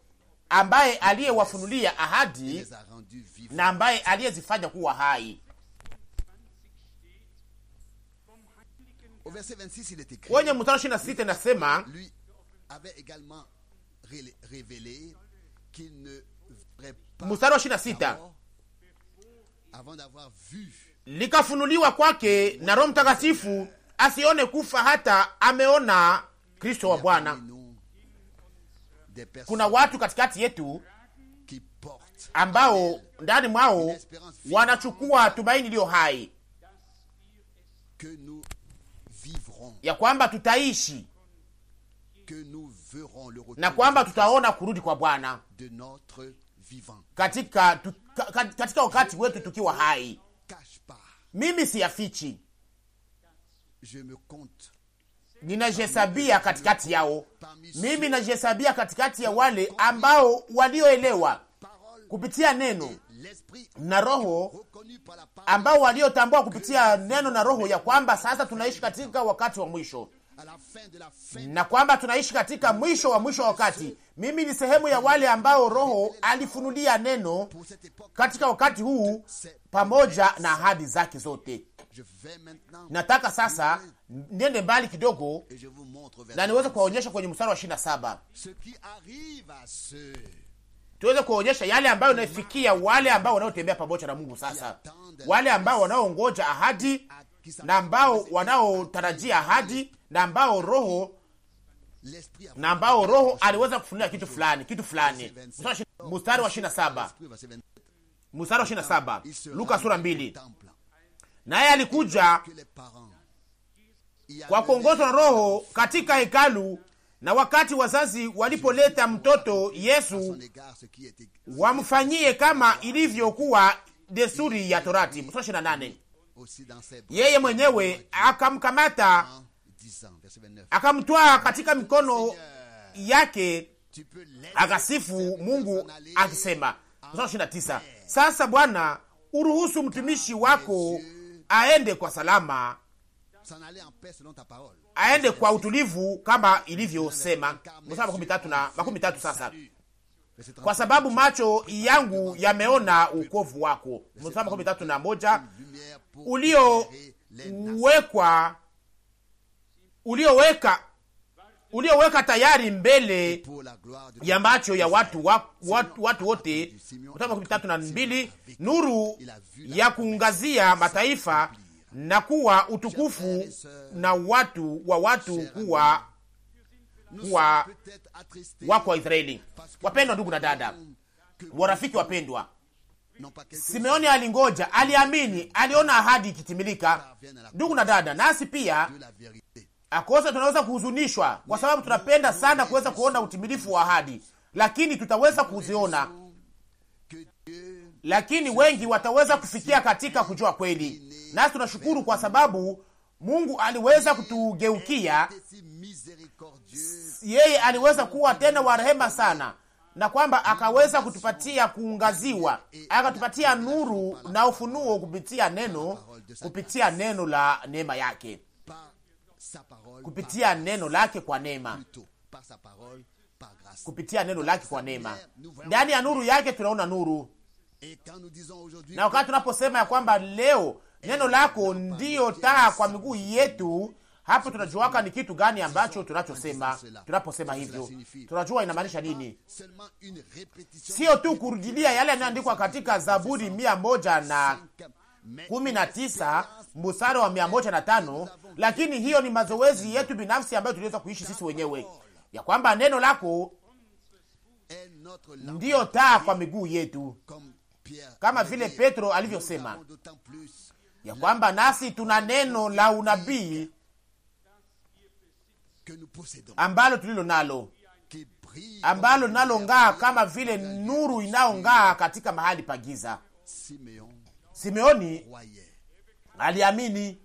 ambaye aliyewafunulia ahadi na ambaye aliyezifanya kuwa hai kwenye mstari ishirini na sita inasema mstari wa ishirini na sita likafunuliwa kwake na Roho Mtakatifu asione kufa hata ameona Kristo wa Bwana. Kuna watu katikati yetu ambao ndani mwao wanachukua tumaini iliyo hai ya kwamba tutaishi na kwamba tutaona kurudi kwa Bwana katika, katika wakati wetu tukiwa hai. Mimi siyafichi, ninajihesabia katikati yao, mimi najihesabia katikati ya wale ambao walioelewa kupitia neno na roho ambao waliotambua kupitia neno na roho ya kwamba sasa tunaishi katika wakati wa mwisho na kwamba tunaishi katika mwisho wa mwisho wa wakati. Mimi ni sehemu ya wale ambao roho alifunulia neno katika wakati huu pamoja na ahadi zake zote. Nataka sasa niende mbali kidogo na niweze kuwaonyesha kwenye mstari wa ishirini na saba tuweze kuonyesha yale ambayo inafikia wale ambao wanaotembea pamoja na Mungu, sasa wale ambao wanaongoja ahadi na ambao wanaotarajia ahadi na ambao roho na ambao roho aliweza kufunia kitu fulani kitu fulani. Mstari wa 27, mstari wa 27, Luka sura 2. Naye alikuja kwa kuongozwa na Roho katika hekalu na wakati wazazi walipoleta mtoto Yesu wamfanyie kama ilivyokuwa desturi ya Torati. Mstari yeye mwenyewe akamkamata akamtwaa katika mikono yake akasifu Mungu akisema, mstari sasa Bwana, uruhusu mtumishi wako aende kwa salama aende kwa utulivu kama ilivyosema mstari makumi tatu na makumi tatu sasa kwa sababu macho yangu yameona ukovu wako, mstari makumi tatu na moja ulio uliowekwa ulioweka ulioweka tayari mbele ya macho ya watu watu, watu wote. Makumi tatu na mbili nuru ya kuangazia mataifa na kuwa utukufu na watu wa watu kuwa kuwa wako wa Israeli. Wapendwa ndugu na dada, warafiki wapendwa, Simeoni alingoja, aliamini, aliona ahadi ikitimilika. Ndugu na dada, nasi pia akosa, tunaweza kuhuzunishwa kwa sababu tunapenda sana kuweza kuona utimilifu wa ahadi, lakini tutaweza kuziona lakini wengi wataweza kufikia katika kujua kweli. Nasi tunashukuru kwa sababu Mungu aliweza kutugeukia, yeye aliweza kuwa tena wa rehema sana, na kwamba akaweza kutupatia kuungaziwa akatupatia nuru na ufunuo kupitia neno, kupitia neno la neema yake, kupitia neno lake kwa neema kupitia neno lake kwa neema. Ndani ya nuru yake tunaona nuru na wakati tunaposema ya kwamba leo eh, neno eh, lako eh, ndiyo taa kwa miguu yetu, hapo tunajuaka ni kitu gani ambacho tunachosema. Tunaposema hivyo, tunajua inamaanisha nini. Sio tu kurudilia yale yanayoandikwa katika Zaburi mia moja na kumi na tisa mstari wa mia moja na tano lakini hiyo ni mazoezi yetu binafsi ambayo tuliweza kuishi sisi wenyewe, ya kwamba neno lako ndiyo taa kwa miguu yetu kama vile Petro alivyosema ya kwamba nasi tuna neno la unabii ambalo tulilo nalo ambalo ng'aa kama vile nuru inayong'aa katika mahali pa giza. Simeoni aliamini,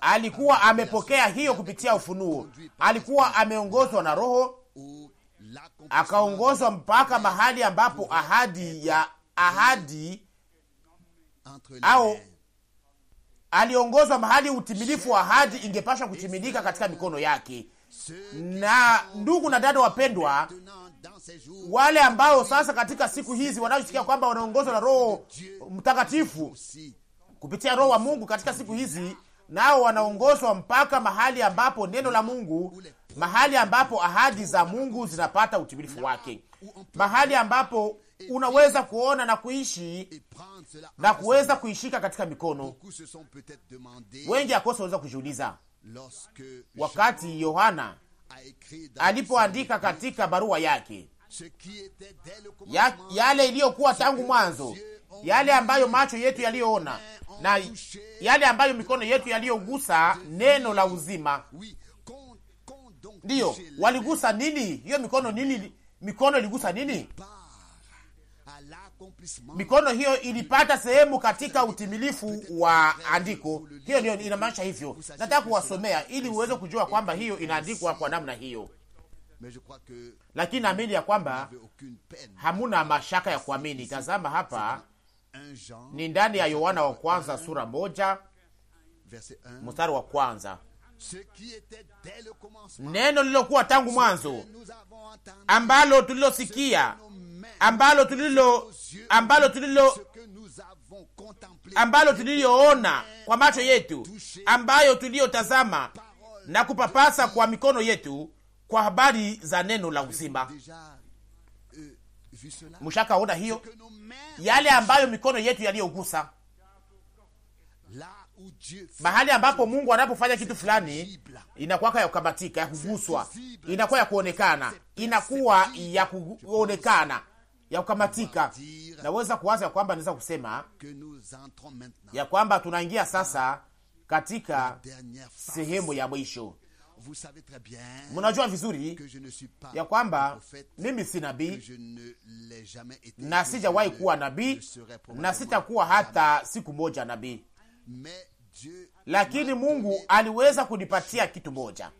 alikuwa amepokea hiyo kupitia ufunuo, alikuwa ameongozwa na Roho akaongozwa mpaka mahali ambapo ahadi ya ahadi au aliongozwa mahali utimilifu wa ahadi ingepashwa kutimilika katika mikono yake. Na ndugu na dada wapendwa, wale ambao sasa katika siku hizi wanaosikia kwamba wanaongozwa na Roho Mtakatifu kupitia Roho wa Mungu katika siku hizi, nao wanaongozwa mpaka mahali ambapo neno la Mungu mahali ambapo ahadi za Mungu zinapata utimilifu wake, mahali ambapo unaweza kuona na kuishi na kuweza kuishika katika mikono. Wengi akosa waweza kujiuliza wakati Yohana alipoandika katika barua yake ya, yale iliyokuwa tangu mwanzo, yale ambayo macho yetu yaliyoona na yale ambayo mikono yetu yaliyogusa neno la uzima, Ndiyo, waligusa nini? Hiyo mikono nini? Mikono iligusa nini? Mikono hiyo ilipata sehemu katika utimilifu wa andiko. Hiyo ndio inamaanisha hivyo. Nataka kuwasomea ili uweze kujua kwamba hiyo inaandikwa kwa namna hiyo, lakini naamini ya kwamba hamuna mashaka ya kuamini. Tazama hapa ni ndani ya Yohana wa kwanza sura moja mstari wa kwanza neno lilokuwa tangu mwanzo, ambalo tulilosikia, ambalo tulilo ambalo tulilo ambalo tuliyoona kwa macho yetu, ambayo tuliyotazama na kupapasa kwa mikono yetu, kwa habari za neno la uzima. Euh, Mshakaona hiyo, yale ambayo mikono yetu yaliyogusa mahali ambapo Mungu anapofanya kitu fulani, inakuwaka ya kukamatika ya kuguswa, inakuwa ya kuonekana, inakuwa ya kuonekana, ya kukamatika. Naweza kuwaza ya kwamba naweza kusema ya kwamba tunaingia sasa katika sehemu ya mwisho. Mnajua vizuri ya kwamba mimi si nabii na sijawahi kuwa nabii na sitakuwa hata siku moja nabii, lakini Mungu aliweza kunipatia kitu moja,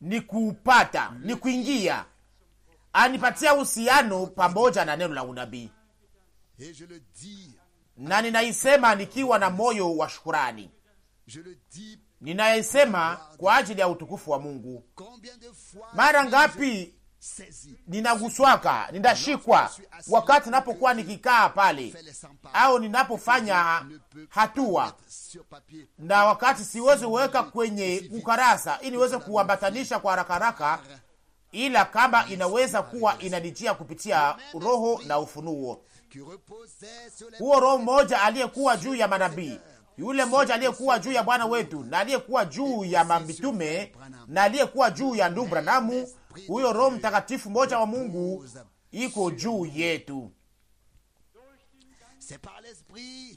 ni kuupata, ni kuingia. Anipatia uhusiano pamoja na neno la unabii, na ninaisema nikiwa na moyo wa shukurani, ninayesema kwa ajili ya utukufu wa Mungu. Mara ngapi ninaguswaka, ninashikwa wakati napokuwa nikikaa pale au ninapofanya hatua, na wakati siwezi kuweka kwenye ukarasa ili niweze kuambatanisha kwa haraka haraka, ila kama inaweza kuwa inanijia kupitia roho na ufunuo huo, roho mmoja aliyekuwa juu ya manabii yule mmoja aliyekuwa juu ya Bwana wetu na aliyekuwa juu ya mamitume na aliyekuwa juu ya ndugu Branamu huyo Roho Mtakatifu moja wa Mungu iko juu yetu.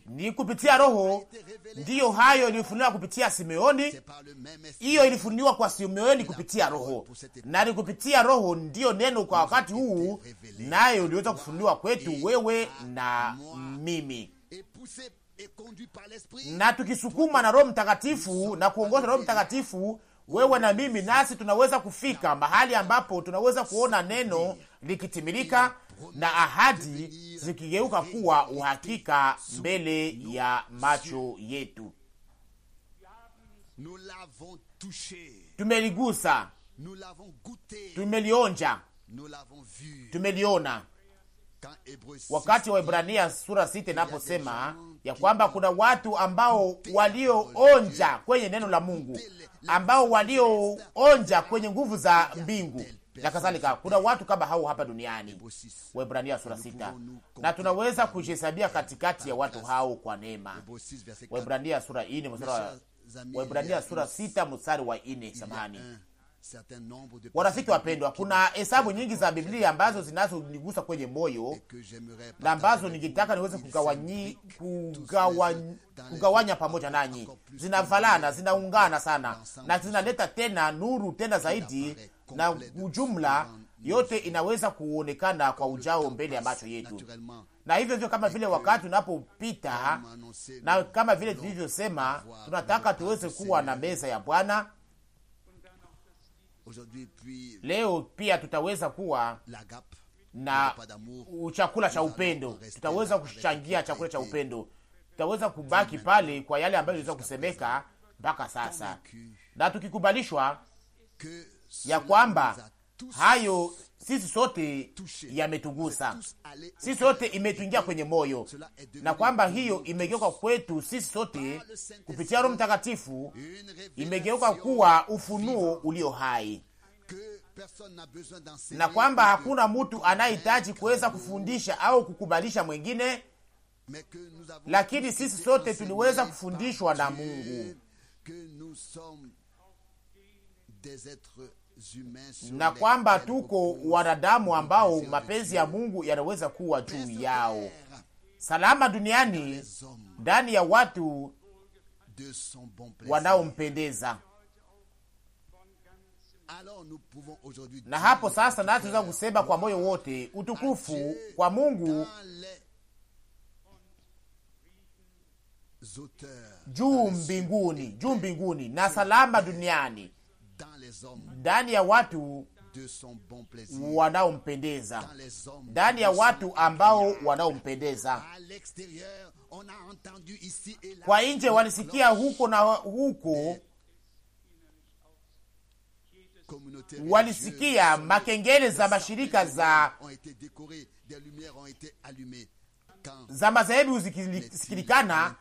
Ni kupitia Roho ndiyo hayo ilifunuliwa kupitia Simeoni, hiyo ilifunuliwa kwa Simeoni kupitia Roho, na ni kupitia Roho ndiyo neno kwa wakati huu nayo uliweza kufunuliwa kwetu wewe na mimi na tukisukuma na Roho Mtakatifu na kuongoza Roho Mtakatifu wewe na mimi, nasi tunaweza kufika mahali ambapo tunaweza kuona neno likitimilika na ahadi zikigeuka kuwa uhakika mbele ya macho yetu. Tumeligusa, tumelionja, tumeliona. Wakati wa Ibrania sura sita inaposema ya kwamba kuna watu ambao walioonja kwenye neno la Mungu, ambao walioonja kwenye nguvu za mbingu na kadhalika. Kuna watu kama hao hapa duniani, Waebrania sura sita, na tunaweza kujihesabia katikati ya watu hao kwa neema. Waebrania sura ine mstari wa Waebrania sura sita mstari wa ine, samahani Warafiki wapendwa, kuna hesabu nyingi za Biblia ambazo zinazonigusa kwenye moyo na ambazo ningetaka niweze kugawanya, kugawanya pamoja nanyi. Zinavalana, zinaungana sana na zinaleta tena nuru tena zaidi, na ujumla yote inaweza kuonekana kwa ujao mbele ya macho yetu, na hivyo hivyo, kama vile wakati unapopita, na kama vile tulivyosema, tunataka tuweze kuwa na meza ya Bwana Leo pia tutaweza kuwa na chakula cha upendo, tutaweza kuchangia chakula cha upendo, tutaweza kubaki pale kwa yale ambayo iliweza kusemeka mpaka sasa, na tukikubalishwa ya kwamba hayo sisi sote yametugusa, sisi sote imetuingia kwenye moyo, na kwamba hiyo imegeuka kwetu sisi sote kupitia Roho Mtakatifu, imegeuka kuwa ufunuo ulio hai, na kwamba hakuna mtu anayehitaji kuweza kufundisha au kukubalisha mwengine, lakini sisi sote tuliweza kufundishwa na Mungu na kwamba tuko wanadamu ambao mapenzi ya Mungu yanaweza kuwa juu yao. Salama duniani ndani ya watu wanaompendeza. Na hapo sasa, nasi tunaweza kusema kwa moyo wote, utukufu kwa Mungu juu mbinguni, juu mbinguni na salama duniani ndani ya watu bon wanaompendeza, ndani ya watu ambao wanaompendeza. Kwa nje walisikia huko na huko walisikia makengele za mashirika za za madhehebu zikisikilikana,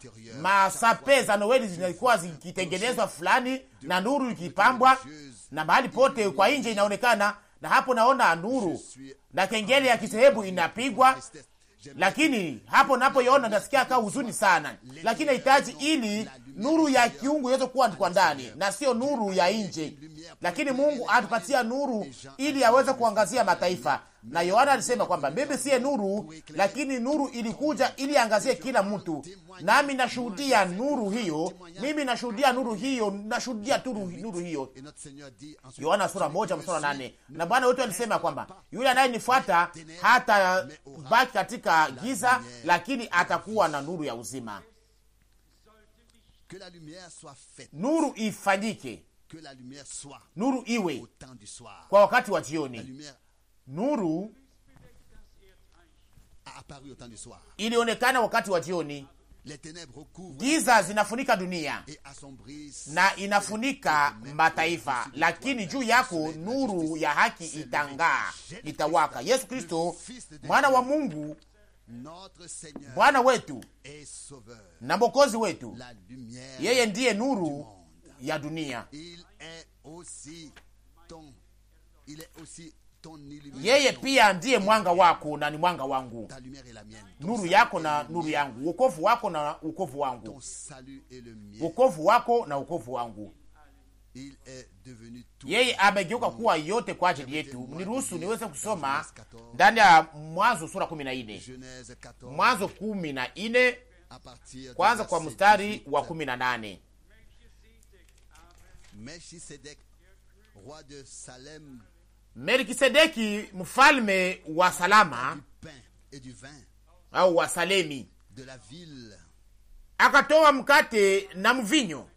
masape za Noeli zinakuwa zikitengenezwa fulani na nuru ikipambwa na mahali pote kwa nje inaonekana, na hapo naona nuru na kengele ya kisehebu inapigwa, lakini hapo napoiona nasikia kaa huzuni sana, lakini nahitaji ili nuru ya kiungu iweze kuwa kwa ndani na sio nuru ya nje. Lakini Mungu atupatia nuru ili aweze kuangazia mataifa na Yohana alisema kwamba mimi siye nuru, lakini nuru ilikuja ili angazie kila mtu, nami nashuhudia nuru hiyo. Mimi nashuhudia nuru hiyo, nashuhudia tu nuru hiyo. Yohana sura moja mstari nane. Na Bwana wetu alisema kwamba yule anayenifuata hata baki katika giza, lakini atakuwa na nuru ya uzima. Nuru ifanyike, nuru iwe kwa wakati wa jioni Nuru ilionekana wakati wa jioni, giza zinafunika dunia na inafunika mataifa, lakini juu yako nuru ya haki itangaa, itawaka. Yesu Kristo mwana wa Mungu, Bwana wetu na Mwokozi wetu, yeye ndiye nuru ya dunia. Yeye pia ndiye mwanga wako na ni mwanga wangu, nuru yako na nuru yangu, wokovu wako na wokovu wangu, wokovu wako na wokovu wangu. Yeye amegeuka kuwa yote kwa ajili yetu. Niruhusu niweze kusoma ndani ya Mwanzo sura kumi na ine Mwanzo kumi na ine kwanza kwa mstari wa kumi na nane Melkisedeki mfalme wa Salama au wa Salemi akatoa mkate na mvinyo,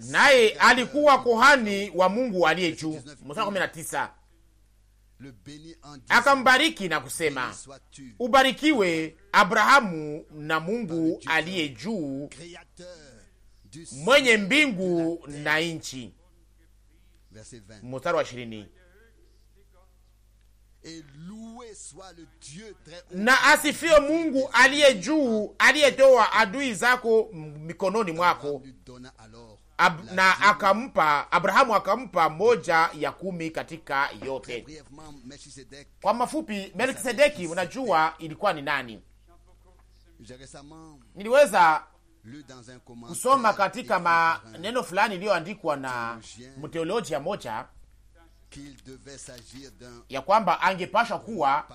naye alikuwa kohani wa Mungu aliye juu. Akambariki na kusema, ubarikiwe Abrahamu na Mungu aliye juu, mwenye mbingu na nchi mstari wa ishirini na asifiwe Mungu aliye juu, aliyetoa adui zako mikononi mwako Ab, na akampa Abrahamu akampa moja ya kumi katika yote. Kwa mafupi, Melkisedeki unajua ilikuwa ni nani? Niliweza kusoma katika maneno fulani iliyoandikwa na mteolojia moja ya kwamba angepashwa kuwa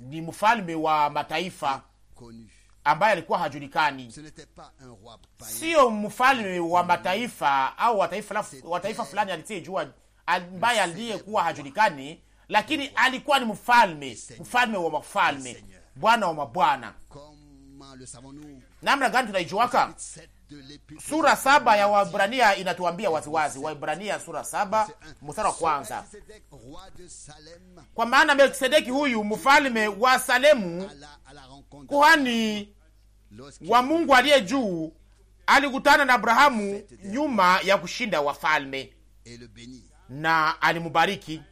ni mfalme wa mataifa ambaye alikuwa hajulikani, sio mfalme wa mataifa au wa taifa, wa taifa fulani alisiyejua ambaye aliyekuwa hajulikani, lakini alikuwa ni mfalme, mfalme wa mafalme, bwana wa mabwana Namna gani tunaijuaka? Sura saba ya Waibrania inatuambia waziwazi, Waibrania sura saba mstari wa kwanza, kwa maana Melkisedeki huyu mfalme wa Salemu, kuhani wa Mungu aliye juu, alikutana na Abrahamu nyuma ya kushinda wafalme na alimubariki,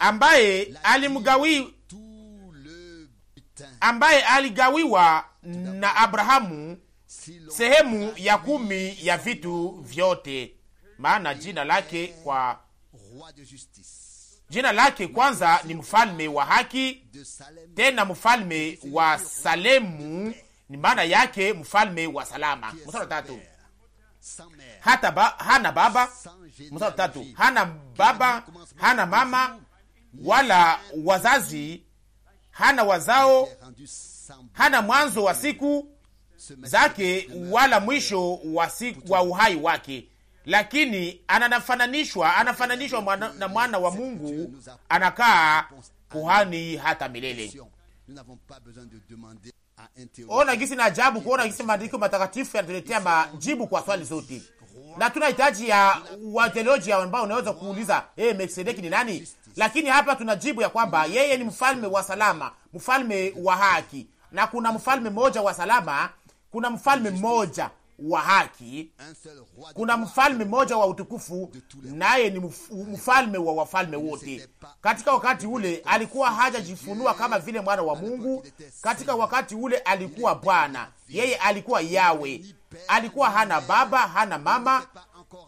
ambaye alimgawii ambaye aligawiwa na Abrahamu sehemu ya kumi ya vitu vyote, maana jina lake kwa jina lake kwanza ni mfalme wa haki, tena mfalme wa Salemu ni maana yake mfalme wa salama. Mstari tatu hata ba, hana baba. Mstari tatu hana baba, hana mama wala wazazi hana wazao, hana mwanzo wa siku zake wala mwisho wa siku wa uhai wake, lakini ananafananishwa anafananishwa mwana, na mwana wa Mungu, anakaa kuhani hata milele. Ona gisi na ajabu kuona gisi maandiko matakatifu yanatuletea majibu kwa swali zote, na tuna hitaji ya watheolojia ambao unaweza kuuliza, hey, eh, Melkisedeki ni nani? Lakini hapa tunajibu ya kwamba yeye ni mfalme wa salama, mfalme wa haki, na kuna mfalme mmoja wa salama, kuna mfalme mmoja wa haki, kuna mfalme mmoja wa utukufu, naye ni mfalme wa wafalme wote. Katika wakati ule alikuwa hajajifunua kama vile mwana wa Mungu. Katika wakati ule alikuwa Bwana, yeye alikuwa Yawe. Alikuwa hana baba, hana mama,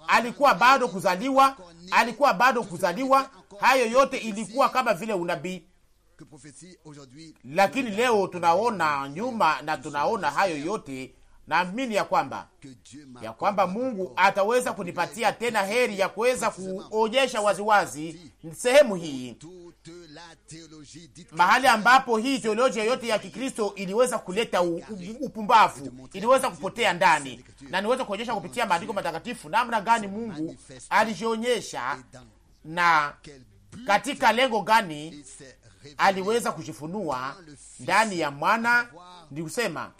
alikuwa bado kuzaliwa, alikuwa bado kuzaliwa, Hayo yote ilikuwa kama vile unabii, lakini leo tunaona nyuma na tunaona hayo yote. Naamini ya kwamba ya kwamba Mungu ataweza kunipatia tena heri ya kuweza kuonyesha waziwazi sehemu hii, mahali ambapo hii teolojia yote ya Kikristo iliweza kuleta upumbavu, iliweza kupotea ndani, na niweza kuonyesha kupitia maandiko matakatifu namna gani Mungu alijionyesha na katika lengo gani aliweza kujifunua ndani ya mwana, ni kusema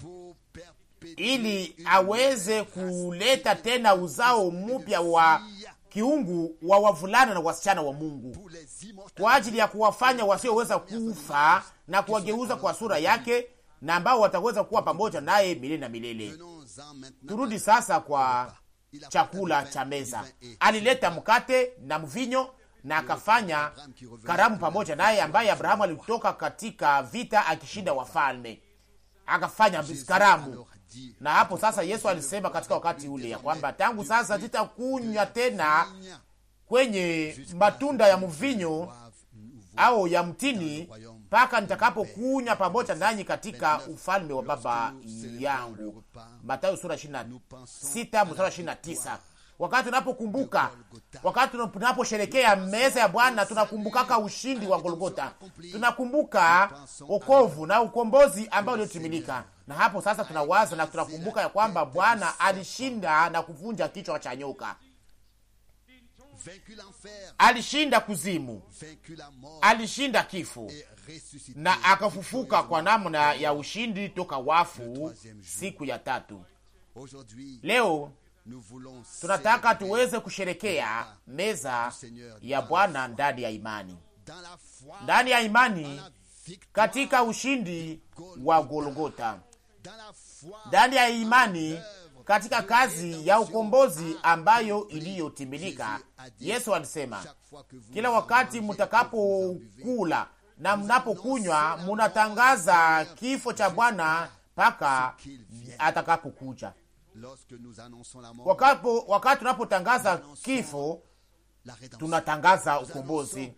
ili aweze kuleta tena uzao mpya wa kiungu wa wavulana na wasichana wa Mungu kwa ajili ya kuwafanya wasioweza kufa na kuwageuza kwa sura yake na ambao wataweza kuwa pamoja naye milele na milele. Turudi sasa kwa chakula cha meza. Alileta mkate na mvinyo na akafanya karamu pamoja naye, ambaye Abrahamu alitoka katika vita akishinda wafalme, akafanya karamu. Na hapo sasa Yesu alisema katika wakati ule ya kwamba tangu sasa sitakunywa tena kwenye matunda ya mvinyo au ya mtini mpaka nitakapokunywa pamoja nanyi katika ufalme wa Baba yangu. Mathayo sura 26 mstari 29. Wakati tunapokumbuka, wakati tunaposherekea meza ya Bwana, tunakumbukaka ushindi wa Golgota, tunakumbuka okovu na ukombozi ambao uliotimilika. Na hapo sasa tunawaza na tunakumbuka ya kwamba Bwana alishinda na kuvunja kichwa cha nyoka, alishinda kuzimu, alishinda kifo na akafufuka kwa namna ya ushindi toka wafu siku ya tatu. Leo tunataka tuweze kusherekea meza ya Bwana ndani ya imani, ndani ya imani, katika ushindi wa Golgota, ndani ya imani, katika kazi ya ukombozi ambayo iliyotimilika. Yesu alisema kila wakati mtakapokula na mnapokunywa, munatangaza kifo cha Bwana mpaka atakapokuja. Wakapo, wakati tunapotangaza kifo, tunatangaza ukombozi,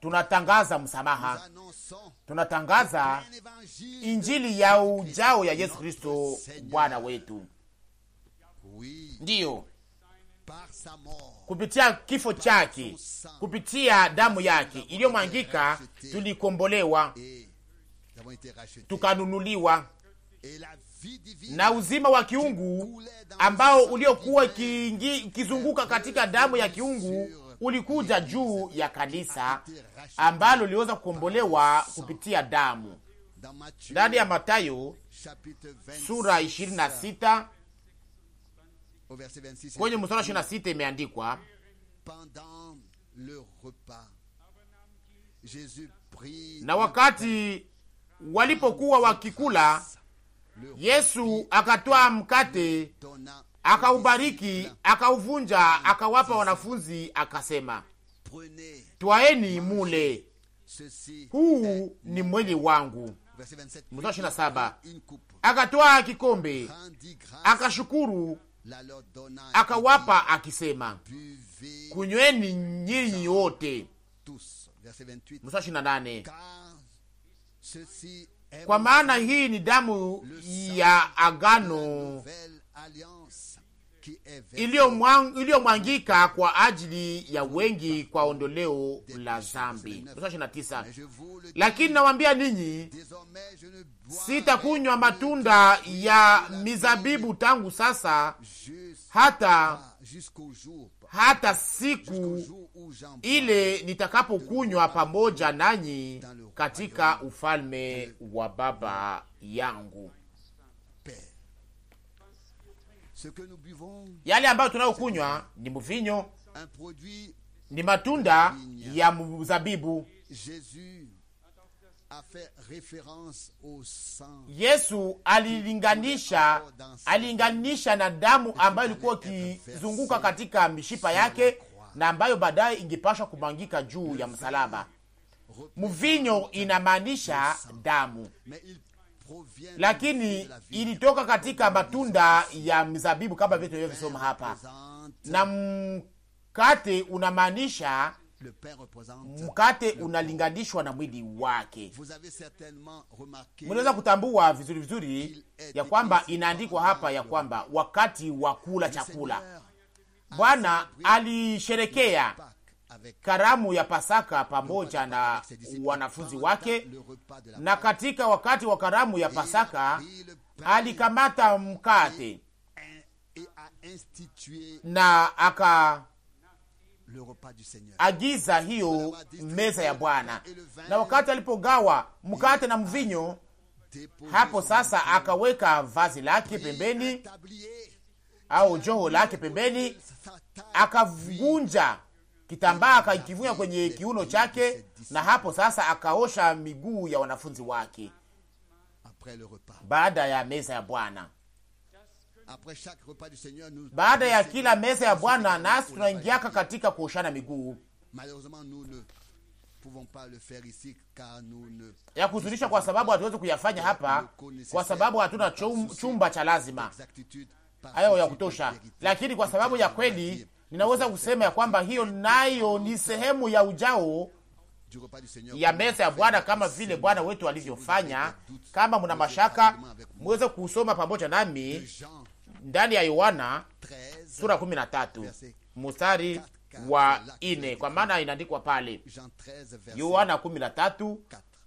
tunatangaza msamaha, tunatangaza injili ya ujao ya Yesu Kristo Bwana wetu. Ndiyo, kupitia kifo chake, kupitia damu yake iliyomwangika, tulikombolewa, tukanunuliwa na uzima wa kiungu ambao uliokuwa ikizunguka katika damu ya kiungu ulikuja juu ya kanisa ambalo liliweza kukombolewa kupitia damu. Ndani ya Matayo sura 26 kwenye mstari wa 26 imeandikwa na wakati walipokuwa wakikula Yesu akatoa mkate, akaubariki, akauvunja, akawapa wanafunzi, akasema, twaeni mule, huu ni mwili wangu. Akatwaa kikombe, akashukuru, akawapa, akisema, kunyweni nyinyi wote kwa maana hii ni damu ya agano iliyomwangika kwa ajili ya wengi kwa ondoleo la zambi. Lakini nawambia ninyi, sitakunywa matunda ya mizabibu tangu sasa hata hata siku ile nitakapokunywa pamoja nanyi katika ufalme wa Baba yangu. Yale ambayo tunayokunywa ni mvinyo, ni matunda ya mzabibu. Yesu alilinganisha alilinganisha na damu ambayo ilikuwa ikizunguka katika mishipa yake na ambayo baadaye ingepashwa kumwangika juu ya msalaba. Mvinyo inamaanisha damu, lakini ilitoka katika matunda ya mzabibu kama vile tulivyosoma hapa, na mkate unamaanisha mkate unalinganishwa na mwili wake. Mliweza kutambua vizuri vizuri ya kwamba inaandikwa hapa ya kwamba wakati wa kula chakula Bwana alisherekea karamu ya Pasaka pamoja na wanafunzi wake, na katika wakati wa karamu ya Pasaka alikamata mkate na aka agiza hiyo meza ya Bwana. Na wakati alipogawa mkate na mvinyo, hapo sasa akaweka vazi lake pembeni au joho lake pembeni, akavunja kitambaa akakivunya kwenye kiuno chake, na hapo sasa akaosha miguu ya wanafunzi wake baada ya meza ya Bwana. Baada ya kila meza ya Bwana nasi tunaingiaka katika kuoshana miguu ya kuzunisha, kwa sababu hatuwezi kuyafanya hapa, kwa sababu hatuna chumba cha lazima hayo ya kutosha, lakini kwa sababu ya kweli ninaweza kusema ya kwamba hiyo nayo ni sehemu ya ujao ya meza ya Bwana kama vile Bwana wetu alivyofanya. Kama muna mashaka, mweze kusoma pamoja nami ndani ya Yohana sura 13 mustari wa ine, kwa maana inaandikwa pale Yohana 13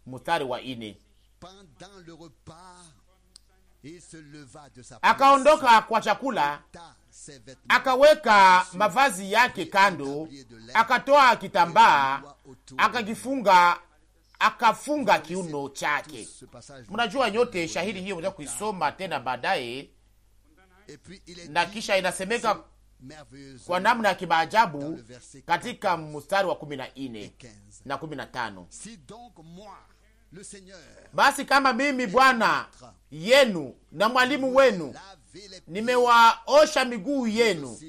mustari wa ine, akaondoka kwa chakula, akaweka mavazi yake kando, akatoa kitambaa, akakifunga akafunga kiuno chake. Mnajua nyote shahidi hiyo, mnaweza kuisoma tena baadaye na kisha inasemeka kwa namna ya kimaajabu katika mstari wa kumi na nne na kumi na tano basi kama mimi Bwana yenu na mwalimu wenu nimewaosha miguu yenu,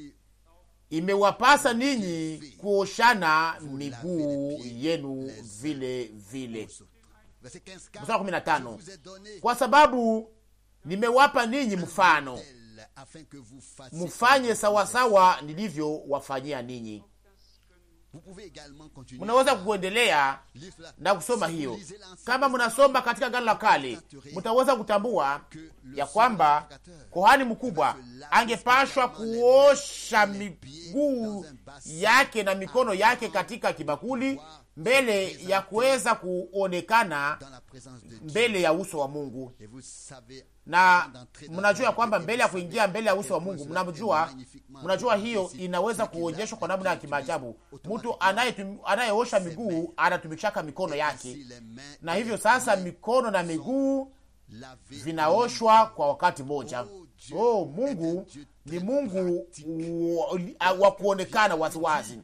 imewapasa ninyi kuoshana miguu yenu vile vile. Mstari wa kumi na tano kwa sababu nimewapa ninyi mfano mufanye sawasawa nilivyowafanyia ninyi. Munaweza kuendelea na kusoma hiyo. Kama munasoma katika gano la Kale, mutaweza kutambua ya kwamba kohani mkubwa angepashwa kuosha miguu yake na mikono yake katika kibakuli mbele ya kuweza kuonekana mbele ya uso wa Mungu na mnajua kwamba mbele ya kuingia mbele ya uso wa Mungu, mnajua mnajua hiyo inaweza kuonyeshwa kwa namna ya kimaajabu. Mtu anayeosha miguu anatumikishaka mikono yake, na hivyo sasa mikono na miguu vinaoshwa kwa wakati mmoja. Oh, Mungu ni Mungu wa kuonekana waziwazi.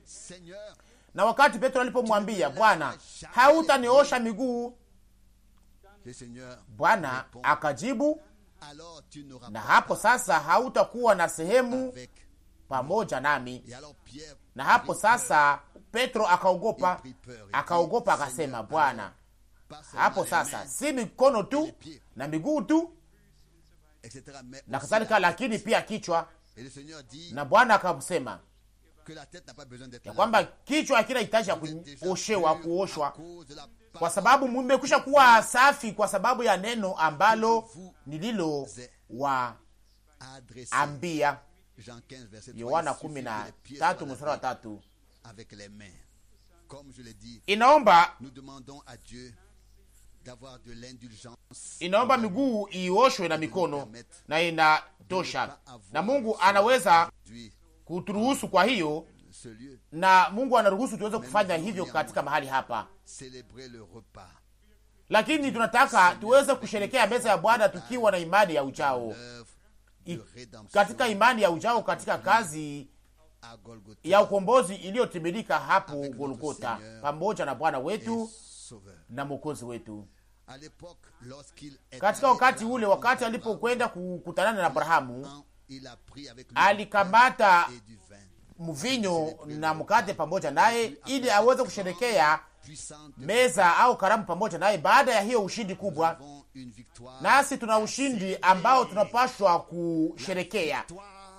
Na wakati Petro alipomwambia Bwana, hautaniosha miguu, Bwana akajibu na hapo sasa hautakuwa na sehemu pamoja nami. Na hapo sasa Petro akaogopa, akaogopa akasema, Bwana, hapo sasa si mikono tu na miguu tu na kadhalika, lakini pia kichwa. Na Bwana akamsema ya kwamba kichwa hakina hitaji ya kuoshewa kuoshwa kwa sababu mmekwisha kuwa safi kwa sababu ya neno ambalo nililo Yohana kumi na tatu mstari wa tatu. Inaomba inaomba miguu ioshwe na mikono na inatosha, na Mungu anaweza kuturuhusu kwa hiyo na Mungu anaruhusu tuweze kufanya hivyo katika mahali hapa, lakini tunataka tuweze kusherekea meza ya Bwana tukiwa na imani ya ujao I, katika imani ya ujao katika kazi ya ukombozi iliyotimilika hapo Golgota pamoja na Bwana wetu na Mwokozi wetu. Katika wakati ule, wakati alipokwenda kukutanana na Abrahamu, alikamata mvinyo na mkate pamoja naye, ili aweze kusherekea meza au karamu pamoja naye, baada ya hiyo ushindi kubwa. Nasi tuna ushindi ambao tunapashwa kusherekea,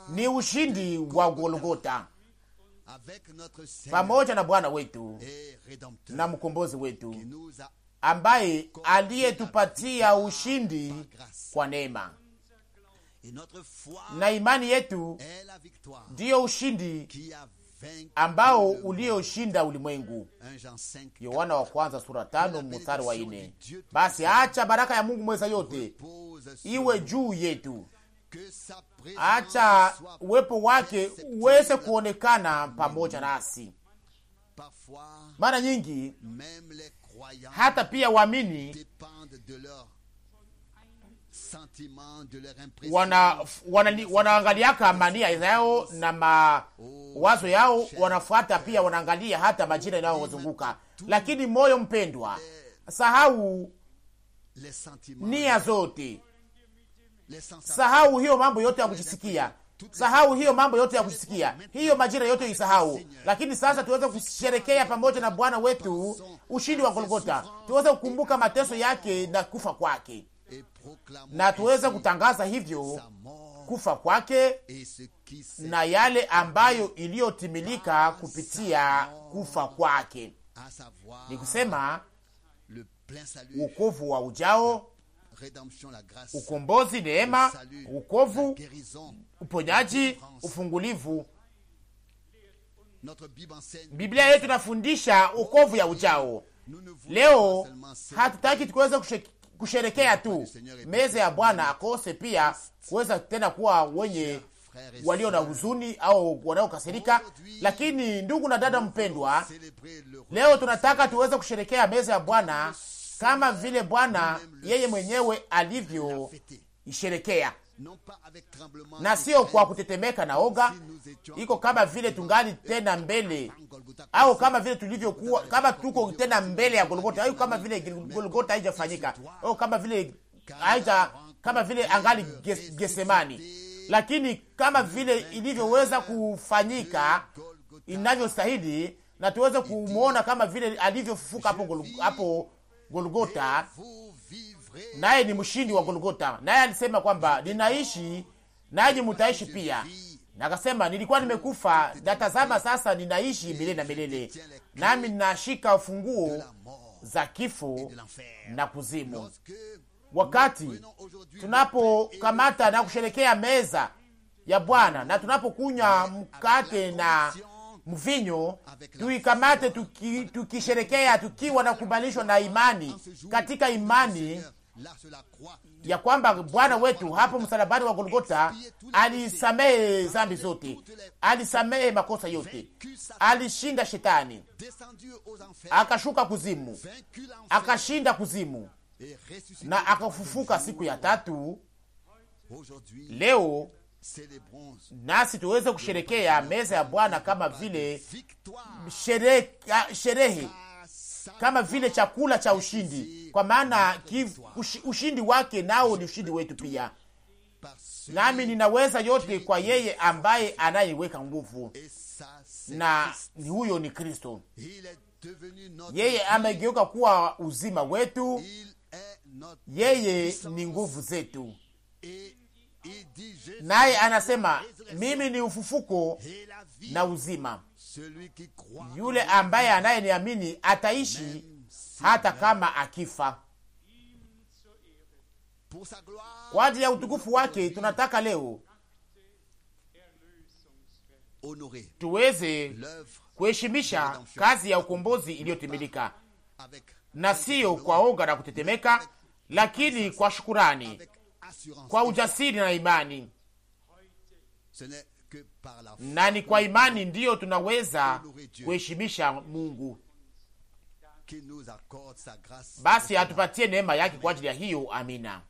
ni ushindi wa Golgota pamoja na Bwana wetu na mkombozi wetu ambaye aliyetupatia ushindi kwa neema na imani yetu ndiyo ushindi ambao ulioshinda ulimwengu. Yohana wa kwanza sura tano mstari wa ine. Basi acha baraka ya Mungu mweza yote iwe juu yetu, acha uwepo wake uweze kuonekana pamoja nasi. Mara nyingi hata pia waamini wana, wana, wanaangaliaka mania oh, yao na mawazo yao, wanafuata pia, wanaangalia hata majira inayowazunguka. lakini moyo mpendwa, sahau nia zote, sahau hiyo mambo yote ya kujisikia sahau hiyo mambo yote ya kusikia, hiyo majira yote isahau. Lakini sasa tuweze kusherekea pamoja na Bwana wetu ushindi wa Golgota, tuweze kukumbuka mateso yake na kufa kwake, na tuweze kutangaza hivyo kufa kwake na yale ambayo iliyotimilika kupitia kufa kwake, ni kusema ukovu wa ujao, ukombozi, neema, ukovu, uponyaji, ufungulivu. Biblia yetu inafundisha ukovu ya ujao. Leo hatutaki tukiweze kusherekea tu meza ya Bwana akose pia kuweza tena kuwa wenye walio na huzuni au wanaokasirika. Lakini ndugu na dada mpendwa, leo tunataka tuweze kusherekea meza ya Bwana kama vile Bwana yeye mwenyewe alivyoisherekea na sio kwa kutetemeka na oga, iko kama vile tungali tena mbele au kama vile tulivyokuwa, kama tuko tena mbele ya Golgota au kama vile Golgota haijafanyika au kama vile haija, kama vile angali Gesemani, lakini kama vile ilivyoweza kufanyika inavyostahili, na tuweze kumwona kama vile alivyofufuka hapo hapo Golgota, naye ni mshindi wa Golgota, naye alisema kwamba ninaishi nanyi mutaishi pia. Na akasema nilikuwa nimekufa, natazama sasa ninaishi milele na milele, nami ninashika funguo za kifo na kuzimu. Wakati tunapokamata na kusherekea meza ya Bwana na tunapokunywa mkate na mvinyo tuikamate, tuki, tukisherekea tukiwa na kukubalishwa na imani katika imani ya kwamba Bwana wetu hapo msalabani wa Golgota alisamehe zambi zote, alisamehe makosa yote, alishinda shetani, akashuka kuzimu, akashinda kuzimu na akafufuka siku ya tatu. Leo nasi tuweze kusherekea meza ya Bwana kama vile sherehe ah, kama vile chakula cha ushindi, kwa maana ushindi wake nao ni ushindi wetu pia. Nami ninaweza yote kwa yeye ambaye anayeweka nguvu, na ni huyo ni Kristo. Yeye amegeuka kuwa uzima wetu, yeye ni nguvu zetu naye anasema mimi ni ufufuko na uzima, yule ambaye anayeniamini ataishi hata kama akifa. Kwa ajili ya utukufu wake, tunataka leo tuweze kuheshimisha kazi ya ukombozi iliyotimilika, na siyo kwa oga na kutetemeka, lakini kwa shukurani kwa ujasiri na imani, na ni kwa imani ndiyo tunaweza kuheshimisha Mungu. Basi atupatie neema yake kwa ajili ya hiyo. Amina.